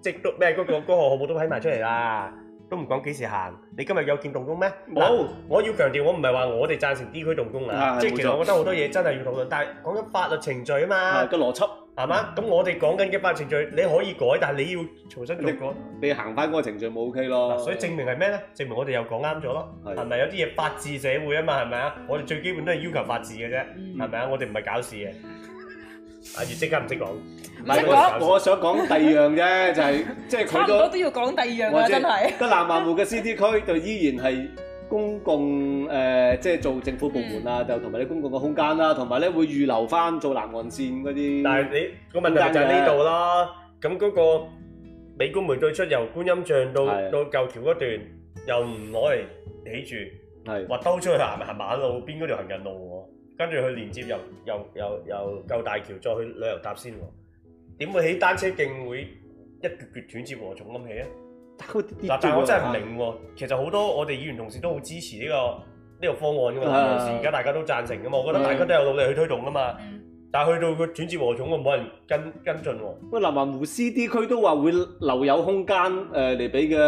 即都咩嗰、嗰個嗰、嗰個項目、嗰個、都起埋出嚟啦，都唔講幾時行。你今日有見動工咩？冇有。我要強調，我唔係話我哋贊成 D 區動工啊，即係其實我覺得好多嘢真係要討論，沒錯 但係講緊法律程序啊嘛。係、啊嗰個邏輯。係嘛？咁我哋講緊嘅法程序，你可以改，但係你要重新做。你行翻嗰個程序咪 OK 咯？所以證明係咩咧？證明我哋又講啱咗咯。係咪有啲嘢法治社會啊嘛？係咪啊？我哋最基本都係要求法治嘅啫。係咪啊？我哋唔係搞事嘅。啊！即刻唔識講。唔係，我想講第二樣啫，就係即係差唔多都要講第二樣啊！真係。個南環湖嘅 CD 區就依然係。公共誒即係做政府部門啊，就同埋啲公共嘅空間啦，同埋咧會預留翻做南岸線嗰啲。但係你個問題就係呢度啦，咁嗰個美高梅對出由觀音像到到舊橋嗰段，又唔攞嚟起住，挖兜出去行行馬路邊嗰條行人路喎，跟住去連接又又又又舊大橋再去旅遊塔先喎，點會起單車徑會一截截斷接和重咁起啊？嗱，但我真係唔明喎、哦。 [noise] 其實好多我哋議員同事都好支持呢，呢個呢個方案嘅嘛，而家 [noise] 大家都贊成嘅嘛，我覺得大家都有努力去推動嘅嘛。 [noise] 嗯但係去到個轉折和重喎，冇人跟跟進喎。南灣湖 C D 區都話會留有空間，誒嚟俾嘅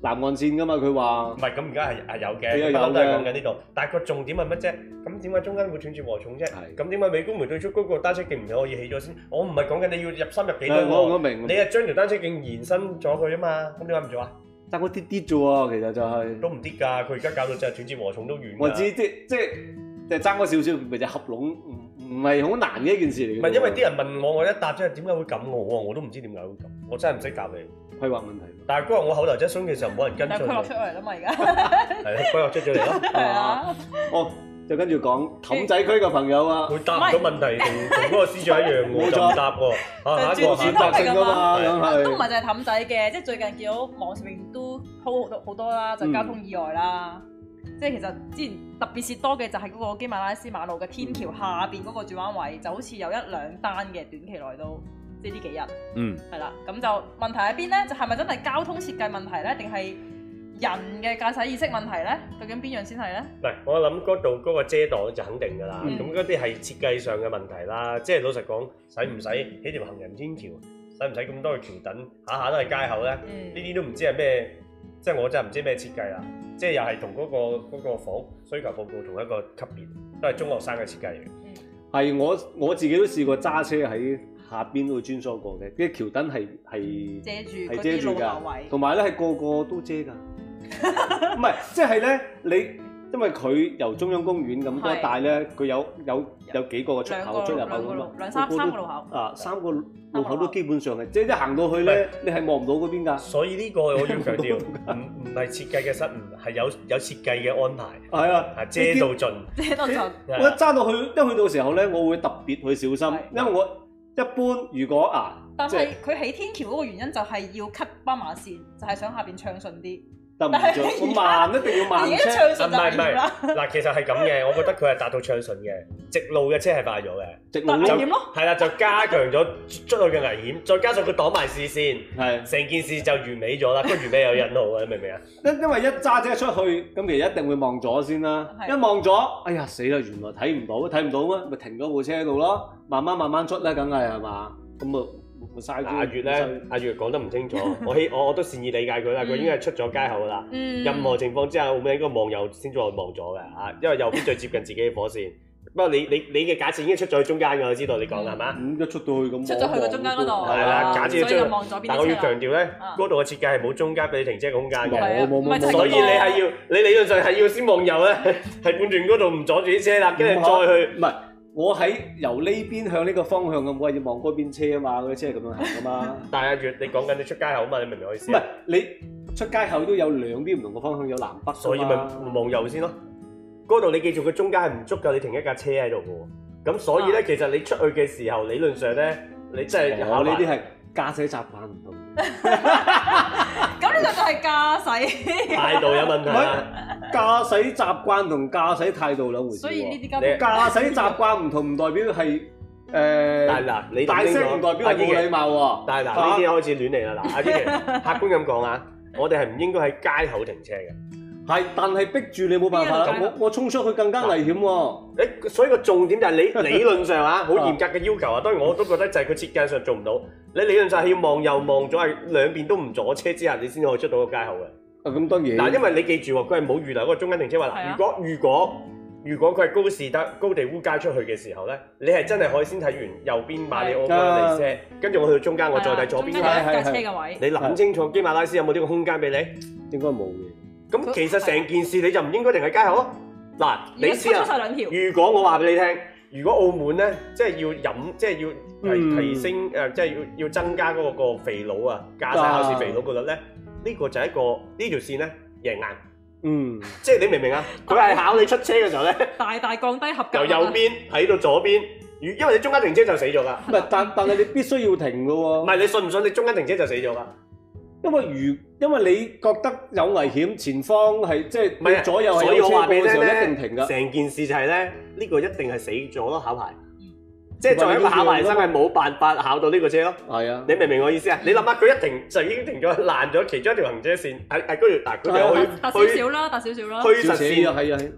南岸線噶嘛，佢話唔係咁，而家係係有嘅，等等都係講緊呢度。但係個重點係乜啫？咁點解中間會轉折和重啫？咁點解美高梅對出嗰個單車徑唔可以起咗先？我唔係講緊你要入深入幾多，你係將條單車徑延伸咗佢啊嘛？咁點解唔做啊？爭嗰啲啲啫喎，其實就係都唔啲㗎。佢而家搞到就係轉折何重都完。我知即即即爭嗰少少咪就合攏。唔係好難嘅一件事嚟。唔係因為啲人問我，我一答即係點解會咁，我我都唔知點解會咁。我真係唔識答你規劃問題。但係嗰日我口頭質詢嘅時候冇人跟出。但係規劃出嚟啦嘛而家。係規劃出咗嚟咯。係啊。 [laughs] 哦，就跟住講氹仔區嘅朋友啊。 [laughs] 會答唔到問題同嗰 [laughs] 個司長一樣，冇裝 [laughs] 答喎。啊， [laughs] 下一個係答正啊嘛。都唔係淨係氹仔嘅，即係最近見到網上面都好好多啦，就交通意外啦。嗯即係其實之前特別是多嘅就係嗰個基馬拉斯馬路嘅天橋下邊嗰個轉彎位，就好似有一兩單嘅短期內都，即係呢幾日。嗯，係啦，咁就問題喺邊咧？就係咪真係交通設計問題咧？定係人嘅駕駛意識問題咧？究竟邊樣先係咧？嚟，我諗嗰度嗰個遮擋就肯定㗎啦。咁嗰啲係設計上嘅問題啦。即係老實講，使唔使起條行人天橋？使唔使咁多嘅橋墩？下下都係街口咧。呢啲，嗯，都唔知係咩？即係我真係唔知咩設計啦，即係又係同嗰個房需求報告同一個級別，都係中學生嘅設計。嗯，係我我自己都試過揸車喺下邊都會穿梭過嘅，啲橋墩係係遮住，係遮住㗎，同埋咧係個個都遮㗎，唔係即係咧你。因為佢由中央公園咁多帶咧，佢有有有幾個出口出入口咁啊，兩個路口啊三個路口都基本上係即係一行到去咧，你係望唔到嗰邊㗎。所以呢個我要強調，唔唔係設計嘅失誤，係有有設計嘅安排。係啊，遮到盡。遮到盡。我一揸到去，一去到時候咧，我會特別去小心，因為我一般如果啊，但係佢起天橋嗰個原因就係要 cut 斑馬線，就係想下邊暢順啲。但好慢一定要慢車，唔係唔係，嗱 [laughs] 其實係咁嘅，我覺得佢係達到暢順嘅，直路嘅車係快咗嘅，直路危險咯，係啦就，就加強咗出去嘅危險，再加上佢擋埋視線，係成是的 件事就完美咗啦，跟住完有引號啊，你明唔明啊？因因為一揸車出去，咁其實一定會望左先啦，是的 一望左，哎呀死啦，原來睇唔到，睇唔到咩？咪停嗰部車喺度咯，慢慢慢慢出啦，梗係係嘛，咁咪。阿月咧，阿月講得唔清楚，我希我我都善意理解佢啦，佢應該係出咗街口噶啦。任何情況之下，我咪應該望右先再望左嘅吓，因為右邊最接近自己嘅火線。不過你你你嘅假設已經出咗去中間噶，我知道你講啦，係咪？嗯，出到去咁，出咗去個中間嗰度，係啦。假設將望左邊，但我要強調咧，嗰度嘅設計係冇中間俾你停車嘅空間嘅，冇冇。所以你係要，你理論上係要先望右咧，係貫穿嗰度唔阻住啲車啦，跟住再去。唔係。我喺由呢邊向呢個方向咁，我要望嗰邊車啊嘛，嗰、那、啲、個、車係咁樣行噶嘛。但係月，你講緊你出街口嘛，你明唔明我意思？唔係，你出街口都有兩邊唔同嘅方向，有南北。所以咪望右先咯。嗰度、嗯、你記住，佢中間係唔足夠你停一架車喺度嘅喎。咁所以咧，啊、其實你出去嘅時候，理論上咧，你真係有呢啲係駕駛習慣唔同。 [laughs] 呢個都係駕駛態度有問題，駕駛習慣同駕駛態度兩回事。所以呢啲駕，你駕駛習慣唔同唔代表係誒。嗱、呃，你大聲唔代表係冇禮貌喎。嗱，呢啲開始亂嚟啦。嗱，阿英、啊、客觀咁講啊， [laughs] 我哋係唔應該喺街口停車嘅。係，但係逼住你冇辦法，就我我衝出去更加危險喎。誒，所以個重點就係理理論上啊，好嚴格嘅要求啊。當然我都覺得就係佢設計上做唔到。你理論上要望右望左，係兩邊都唔阻車之下，你先可以出到個街口嘅。啊，咁當然。嗱，因為你記住喎，佢係冇預留嗰個中間停車位。如果如果如果佢係高士德高地烏街出去嘅時候咧，你係真係可以先睇完右邊馬利奧嚟車，跟住我去到中間，我再睇左邊嘅。係係係。車嘅位，你諗清楚，基馬拉斯有冇呢個空間俾你？應該冇嘅。咁其實成件事你就唔應該停喺街口。嗱，你試多晒兩條。如果我話俾你聽，如果澳門咧，即係要飲，即係要提提升，誒，即係要要增加嗰個個肥佬啊，駕駛考試肥佬個率咧，呢個就係一個，呢條線咧，贏硬。嗯，即係你明唔明啊？佢係考你出車嘅時候咧，大大降低合格。由右邊睇到左邊，因為你中間停車就死咗㗎。唔係，但但係你必須要停㗎喎。唔係，你信唔信？你中間停車就死咗㗎？因為如因為你覺得有危險，前方係即係左右係車過嘅時候一定停㗎。成件事就係、是、咧，呢、這個一定係死咗咯，考牌。即係作為一個考牌生，係冇辦法考到呢個車咯。係啊、嗯，你明唔明我意思啊？嗯、你諗下佢一停就已經停咗，爛咗其中一條行車線。係、啊、係，跟住嗱，佢、啊、哋可以去少啦，虛少少啦，虛實線啊，係啊。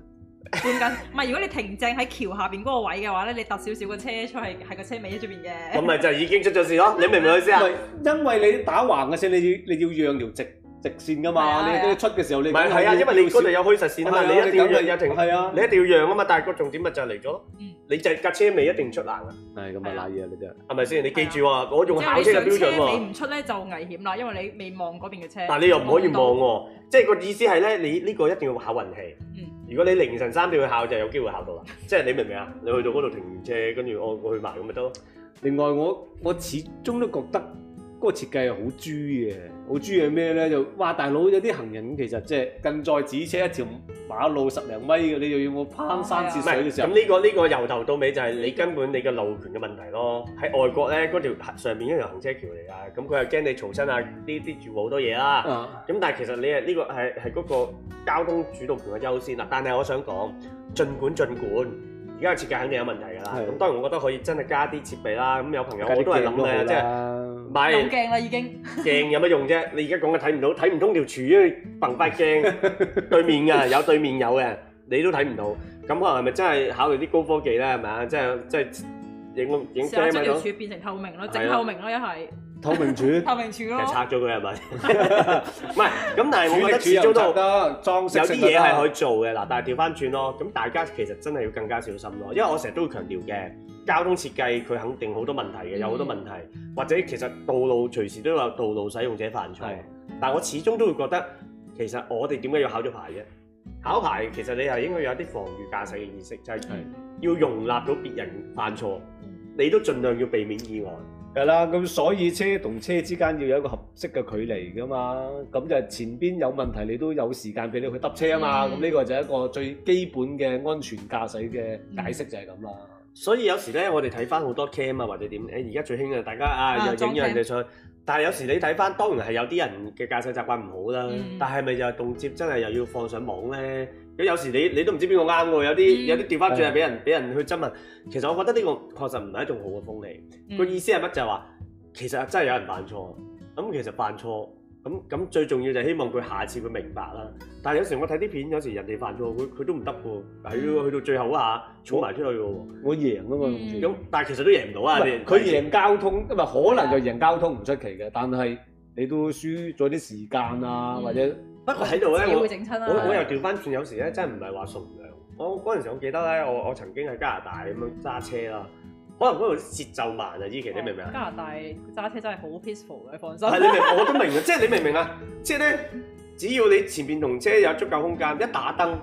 唔係，如果你停正喺橋下邊嗰個位嘅話咧，你搭少少個車出去喺個車尾出邊嘅。咁咪就已經出咗事咯？你明唔明我意思啊？因為你打橫嘅先，你你要讓條直直線噶嘛。你出嘅時候，你唔係啊？因為你嗰度有虛實線啊嘛，你一定要有停。係啊，你一定要讓啊嘛。但係個重點咪就係嚟咗，你就架車尾一定出難啊。係咁啊，賴嘢你哋，係咪先？你記住喎，我用考車嘅標準喎。上車你唔出咧就危險啦，因為你未望嗰邊嘅車。但係你又唔可以望喎，即係個意思係咧，你呢個一定要考運氣。如果你凌晨三點去考就係有機會考到啦，即係你明唔明啊？你去到嗰度停車，跟住我我去買咁咪得咯。另外我，我我始終都覺得嗰個設計係好豬嘅。好主要咩咧？就哇，大佬有啲行人其實即係近在咫尺，一條馬路十零米嘅，你就要我攀山涉水咁呢、呢個呢、呢個由頭到尾就係你根本你嘅路權嘅問題咯。喺外國咧，嗰條上面一條行車橋嚟㗎，咁佢係驚你嘈親啊啲啲住戶好多嘢啦。咁、啊、但係其實你啊呢、呢個係係嗰個交通主動權嘅優先啦。但係我想講，儘管儘管而家嘅設計肯定有問題㗎啦。咁是的 當然我覺得可以真係加啲設備啦。咁有朋友我都係諗嘅，即係。唔係，用鏡啦已經。鏡有乜用啫？你而家講嘅睇唔到，睇唔通條柱，因為擳塊鏡對面㗎，有對面有嘅，你都睇唔到。咁可能係咪真係考慮啲高科技咧？係咪啊？即係即係影影機咪得咯。變成透明咯，整透明咯一係。透明柱。透明柱咯。拆咗佢係咪？唔係。咁但係我覺得始終都裝有啲嘢係可以做嘅嗱，但係調翻轉咯。咁大家其實真係要更加小心咯，因為我成日都會強調嘅。交通設計佢肯定好多問題嘅，有好多問題，嗯、或者其實道路隨時都有道路使用者犯錯。是的 但我始終都會覺得，其實我哋點解要考咗牌啫？考牌其實你係應該有啲防禦駕駛嘅意識，就係、是、要容納到別人犯錯，你都盡量要避免意外。係啦，咁所以車同車之間要有一個合適嘅距離㗎嘛。咁就前邊有問題，你都有時間俾你去搭車啊嘛。咁呢、嗯、個就係一個最基本嘅安全駕駛嘅解釋就係咁啦。所以有時咧，我哋睇翻好多 cam 啊，或者點？誒，而家最興啊，大家啊，又影人哋出。但係有時你睇翻，當然係有啲人嘅駕駛習慣唔好啦。嗯、但係咪就係動輒真係又要放上網咧？咁有時你你都唔知邊個啱喎，有啲、嗯、有啲調翻轉係俾人俾、嗯、人去質問。其實我覺得呢個確實唔係一種好嘅風氣。個、嗯、意思係乜？就係、是、話其實真係有人犯錯。咁其實犯錯。咁、嗯、最重要就希望佢下次會明白啦。但係有時候我睇啲片，有時候人哋犯錯，佢都唔得嘅喎。嗯、去到最後啊，坐埋出去嘅喎，我贏啊嘛。咁、嗯、但係其實都贏唔到啊。佢贏交通，的可能就贏交通唔出奇嘅，但係你都輸咗啲時間啊，的或者。嗯、不過喺度咧，我我又調返轉，有時咧真係唔係話順嘅。我嗰時我記得咧，我曾經喺加拿大咁樣揸車啦。可能嗰度節奏慢啊，依期你明唔明啊？加拿大揸車真係好 peaceful 嘅，放心。係你明，我都明啊。即係你明唔明啊？即係咧，只要你前邊同車有足夠空間，一打燈，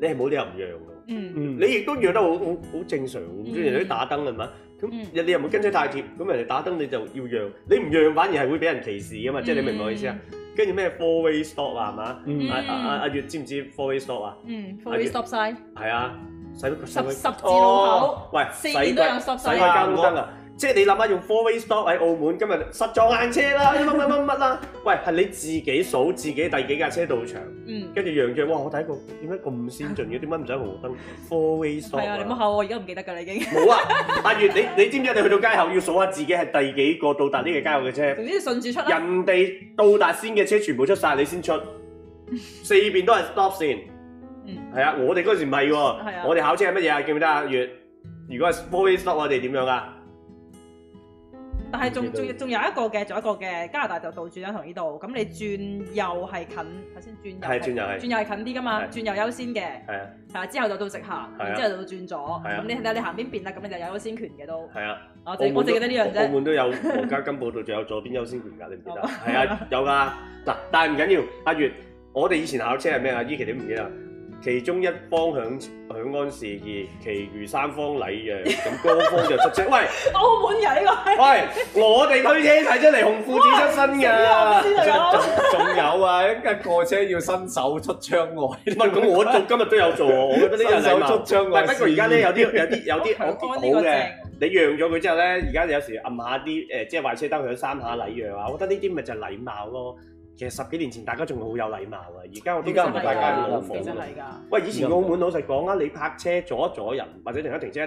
你係冇理由唔讓嘅。嗯嗯，你亦都讓得好好好正常，即係啲打燈係嘛？咁你又唔會跟車太貼，咁人哋打燈你就要讓，你唔讓反而係會俾人歧視嘅嘛。即係你明唔明我意思啊？跟住咩 four way stop 啊？係嘛？阿阿阿月知唔知 four way stop 啊？嗯，four way stop 晒？係啊。十十字路口，四邊都有十字紅燈啊！即係你諗下用 four-way stop 喺澳門，今日塞咗硬車啦，乜乜乜乜啦！喂，係你自己數自己第幾架車到場，嗯，跟住楊俊，哇，我睇過，點解咁先進嘅？點解唔使紅綠燈？four-way stop，係啊，你冇考我，而家唔記得噶啦，已經。冇啊，阿月，你你知唔知你去到街口要數下自己係第幾個到達呢個街口嘅車？總之順住出啦。人哋到達先嘅車全部出晒，你先出，四邊都係 stop 先。係啊，我哋嗰時唔係喎，我哋考車係乜嘢啊？記唔記得阿月，如果係 full stop，我哋點樣啊？但係仲仲仲有一個嘅，仲有一個嘅加拿大就倒轉咗同呢度。咁你轉右係近，頭先轉右係轉右係近啲噶嘛？轉右優先嘅，係啊，係啊。之後就到直行，之後就到轉左。咁你睇你行邊邊啦，咁你就有優先權嘅都。係啊，我淨我記得呢樣啫。澳門都有黃家金報道，仲有左邊優先權噶，你記唔記得？係啊，有噶。嗱，但係唔緊要，阿月，我哋以前考車係咩啊？依期你唔記得。其中一方響響安示意，其餘三方禮讓，咁多方就出聲。喂，澳門嘅呢個係。喂，我哋佢嘢睇出嚟，紅褲子出身㗎。仲仲有啊，一架過車要伸手出窗外。唔係，咁我做今日都有做喎。我覺得呢啲禮貌。唔係，不過而家咧有啲有啲有啲我好嘅，你讓咗佢之後咧，而家有時撳下啲誒，即係壞車燈響三下禮讓啊，我覺得呢啲咪就禮貌咯。其實十幾年前大家仲好有禮貌啊，而家我依家唔係大家冇嘅。競爭嚟㗎。喂，以前澳門老實講啊，你泊車阻一阻人或者停一停車，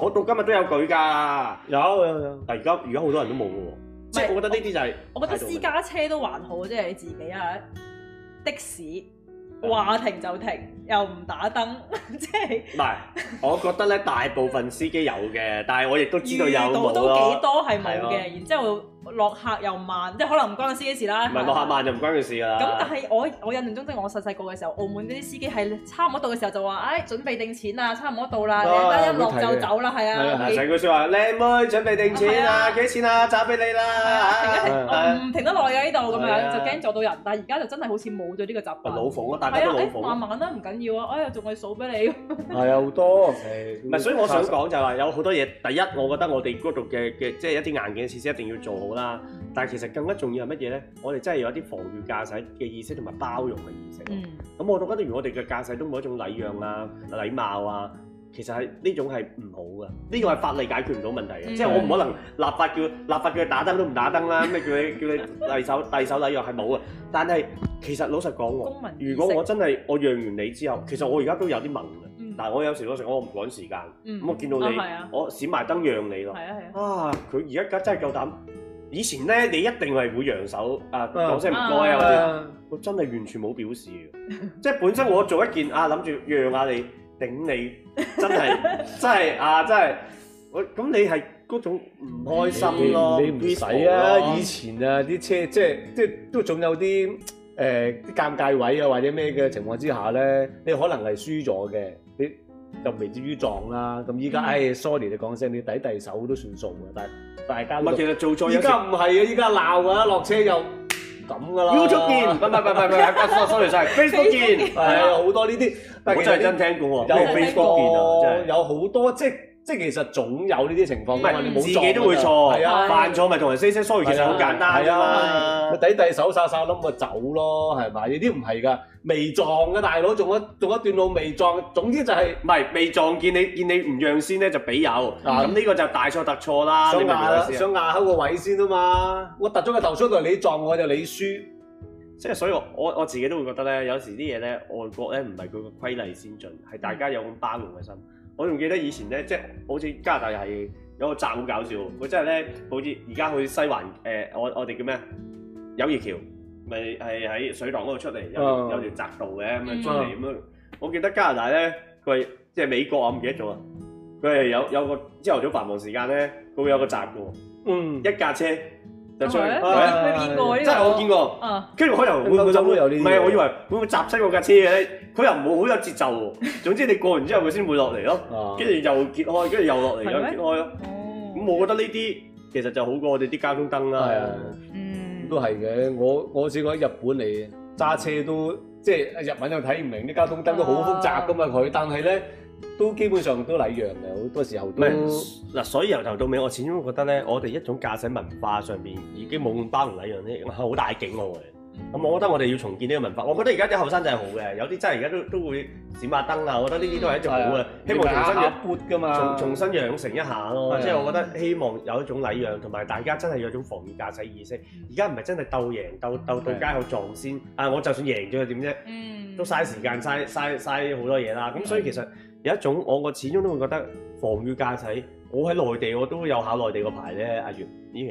我到今日都有舉㗎。有，有，有，但係而家而家好多人都冇嘅喎。即係我覺得呢啲就係我覺得私家車都還好，即係你自己啊的士話停就停，又唔打燈，即係唔係？我覺得咧，大部分司機有嘅，但係我亦都知道有冇咯。幾多係冇嘅，然之後。落客又慢，即係可能唔關個司機事啦。唔係落客慢就唔關佢事㗎啦。咁但係我我印象中即係我細細個嘅時候，澳門嗰啲司機係差唔多到嘅時候就話，哎，準備定錢啊，差唔多到啦，你一落就走啦，係啊。成句説話靚妹準備定錢啊，幾錢啊？揸俾你啦。係啊，停得唔停得耐啊？呢度咁樣就驚撞到人，但係而家就真係好似冇咗呢個習慣。老房啊，大家都。慢慢啦，唔緊要啊。哎呀，仲可以數俾你。係啊，好多。唔係，所以我想講就係話有好多嘢。第一，我覺得我哋嗰度嘅嘅即係一啲硬件設施一定要做好。啦，但係其實更加重要係乜嘢咧？我哋真係有一啲防禦駕駛嘅意識同埋包容嘅意識。嗯。咁我覺得，如果我哋嘅駕駛都冇一種禮讓啊、禮貌啊，其實係呢種係唔好噶。呢種係法例解決唔到問題嘅，即係我唔可能立法叫立法叫你打燈都唔打燈啦，咩叫你叫你遞手遞手禮讓係冇嘅。但係其實老實講，如果我真係我讓完你之後，其實我而家都有啲蒙嘅。但係我有時嗰時我唔趕時間，咁我見到你，我閃埋燈讓你咯。係啊係啊。啊！佢而家真係夠膽。以前咧，你一定係會揚手啊，講聲唔該啊啲。託啊，我真係完全冇表示 [laughs] 即係本身我做一件啊，諗住讓下你頂你，真係 [laughs] 真係啊，真係我咁你係嗰種唔開心咯。你唔使啊，啊以前啊啲車即係即係都仲有啲誒啲尷尬位啊或者咩嘅情況之下咧，你可能係輸咗嘅。你就未至於撞啦、啊，咁依家唉，sorry 你講聲，你抵第二手都算數嘅，但大家唔其實做錯嘢。依家唔係啊，依家鬧啊，落車又，咁噶啦。YouTube 見，唔唔唔唔唔，sorry 曬，Facebook 見，係好 [laughs] 嗎多呢啲。我真係真聽過喎，有 Facebook，有好多即。即係其實總有呢啲情況，唔係你自己都會錯，犯錯咪同人 say say sorry，其實好簡單啊，咪抵抵手耍耍，諗咪走咯，係咪？呢啲唔係噶，未撞嘅大佬，仲有一仲有一段路未撞。總之就係唔係未撞見你見你唔讓先咧，就俾油。嗱、啊，咁呢個就大錯特錯啦。想壓說，想壓喺個位先啊嘛。我突咗個頭出嚟，你撞我就你輸。即係所以我我自己都會覺得咧，有時啲嘢咧，外國咧唔係佢個規例先進，係大家有咁包容嘅心。 [noise] 我仲記得以前咧，即係好似加拿大係有個閘，好搞笑，佢真係咧，好似而家去西環誒、呃，我我哋叫咩？友誼橋咪係喺水塘嗰度出嚟，有，有條閘道嘅咁樣出嚟咁樣。嗯、我記得加拿大咧，佢即係美國我唔記得咗啊。佢係有有個朝頭早繁忙時間咧，佢會有個閘嘅，嗯、一架車。有出係啊！真係我見過，跟住佢又會唔會都有呢？唔係，我以為會唔會砸親我架車嘅？佢又唔會好有節奏喎。總之你過完之後佢先會落嚟咯。跟住又揭開，跟住又落嚟，又揭開咯。咁我覺得呢啲其實就好過我哋啲交通燈啦。嗯，都係嘅。我我試過喺日本嚟揸車都即係日文又睇唔明，啲交通燈都好複雜噶嘛佢。但係咧。都基本上都禮讓嘅，好多時候都嗱、嗯，所以由頭到尾，我始終覺得咧，我哋一種駕駛文化上邊已經冇咁包容禮讓咧，我好大景喎。咁我覺得我哋要重建呢個文化。我覺得而家啲後生仔好嘅，有啲真係而家都都會閃下燈啊。我覺得呢啲都係一種好嘅，嗯、 [laughs] 對希望重新㗎嘛，重重新養成一下咯。即係對我覺得希望有一種禮讓，同埋大家真係有一種防禦駕駛意識。而家唔係真係鬥贏鬥鬥到街口撞先的啊！我就算贏咗又點啫？嗯，都嘥時間嘥嘥嘥好多嘢啦。咁的所以其實。有一種，我始終都會覺得防禦駕駛，我喺內地我都有考內地個牌咧，阿、啊、月，呢、啊、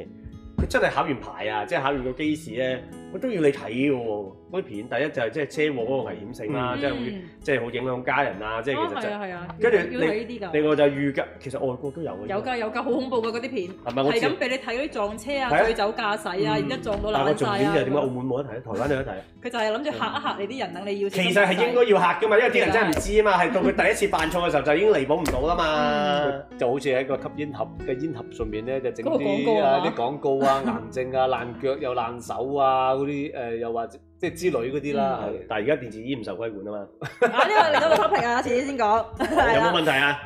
佢、啊、真係考完牌啊，即係考完個機試咧，我都要你睇嘅喎。嗰啲片，第一就係即係車禍嗰個危險性啦，即係會即係好影響家人啊！即係其實就跟住你要睇呢啲另外就預計，其實外國都有嘅。有㗎有㗎，好恐怖嘅嗰啲片，係咁俾你睇嗰啲撞車啊、醉酒駕駛啊，而家撞到爛曬啊！但係個重點就係點解澳門冇得睇，台灣有得睇？佢就係諗住嚇一嚇你啲人，等你要。其實係應該要嚇㗎嘛，因為啲人真係唔知啊嘛，係到佢第一次犯錯嘅時候就已經彌補唔到啦嘛，就好似喺個吸煙盒嘅煙盒上面咧，就整啲啊啲廣告啊、癌症啊、爛腳又爛手啊嗰啲誒，又或者。即係之類嗰啲啦，嗯、但係而家電子煙唔受規管啊嘛。啊，呢、呢個另一個 topic 啊，遲啲先講。好 [laughs] 啦有冇問題啊？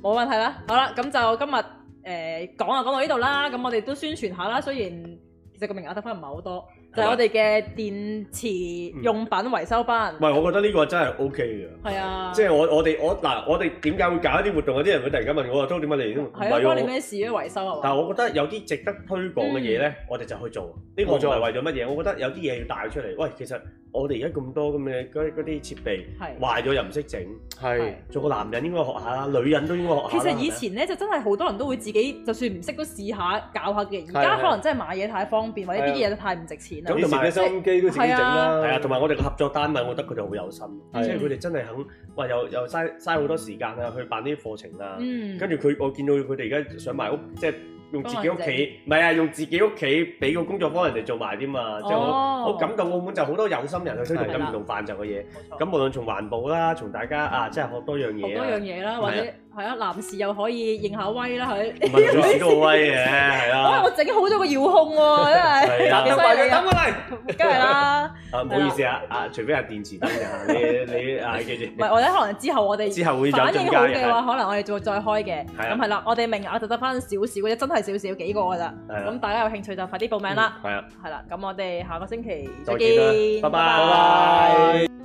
冇問題啦。好啦，咁就今日誒、呃、講就講到呢度啦。咁、嗯、我哋都宣傳下啦。雖然其實個名額得分唔係好多。就係我哋嘅電池用品維修班。唔係，我覺得呢個真係 O K 嘅。係啊。即係我我哋我嗱，我哋點解會搞一啲活動？有啲人會突然間問我話，都點解你都唔係關你咩事啊！維修係但係我覺得有啲值得推廣嘅嘢咧，我哋就去做。呢個做係為咗乜嘢？我覺得有啲嘢要帶出嚟。喂，其實我哋而家咁多咁嘅嗰啲設備壞咗又唔識整，係做個男人應該學下啦，女人都應該學下。其實以前咧就真係好多人都會自己，就算唔識都試下搞下嘅。而家可能真係買嘢太方便，或者呢啲嘢太唔值錢。咁同埋收音機都自己整啦，係啊，同埋我哋嘅合作單位，我覺得佢哋好有心，即係佢哋真係肯，哇！又又嘥嘥好多時間啊，去辦啲課程啊，跟住佢我見到佢哋而家上埋屋，即係用自己屋企，唔係啊，用自己屋企俾個工作幫人哋做埋啲嘛，即係我好感動澳門就好多有心人去推動咁唔同範疇嘅嘢，咁無論從環保啦，從大家啊，即係學多樣嘢，多樣嘢啦，或者。係啊，男士又可以認下威啦佢。唔係做幾個威嘅，係啊。我我整好咗個遙控喎，真係。犀利。等我嚟，梗係啦。啊，唔好意思啊，啊，除非係電池問題嚇，你你啊，記住。唔係，或者可能之後我哋之後會反應好嘅話，可能我哋就再再開嘅。係咁係啦，我哋名額就得翻少少嘅啫，真係少少幾個噶啦。係啊。咁大家有興趣就快啲報名啦。係啊。係啦，咁我哋下個星期。再見。拜拜。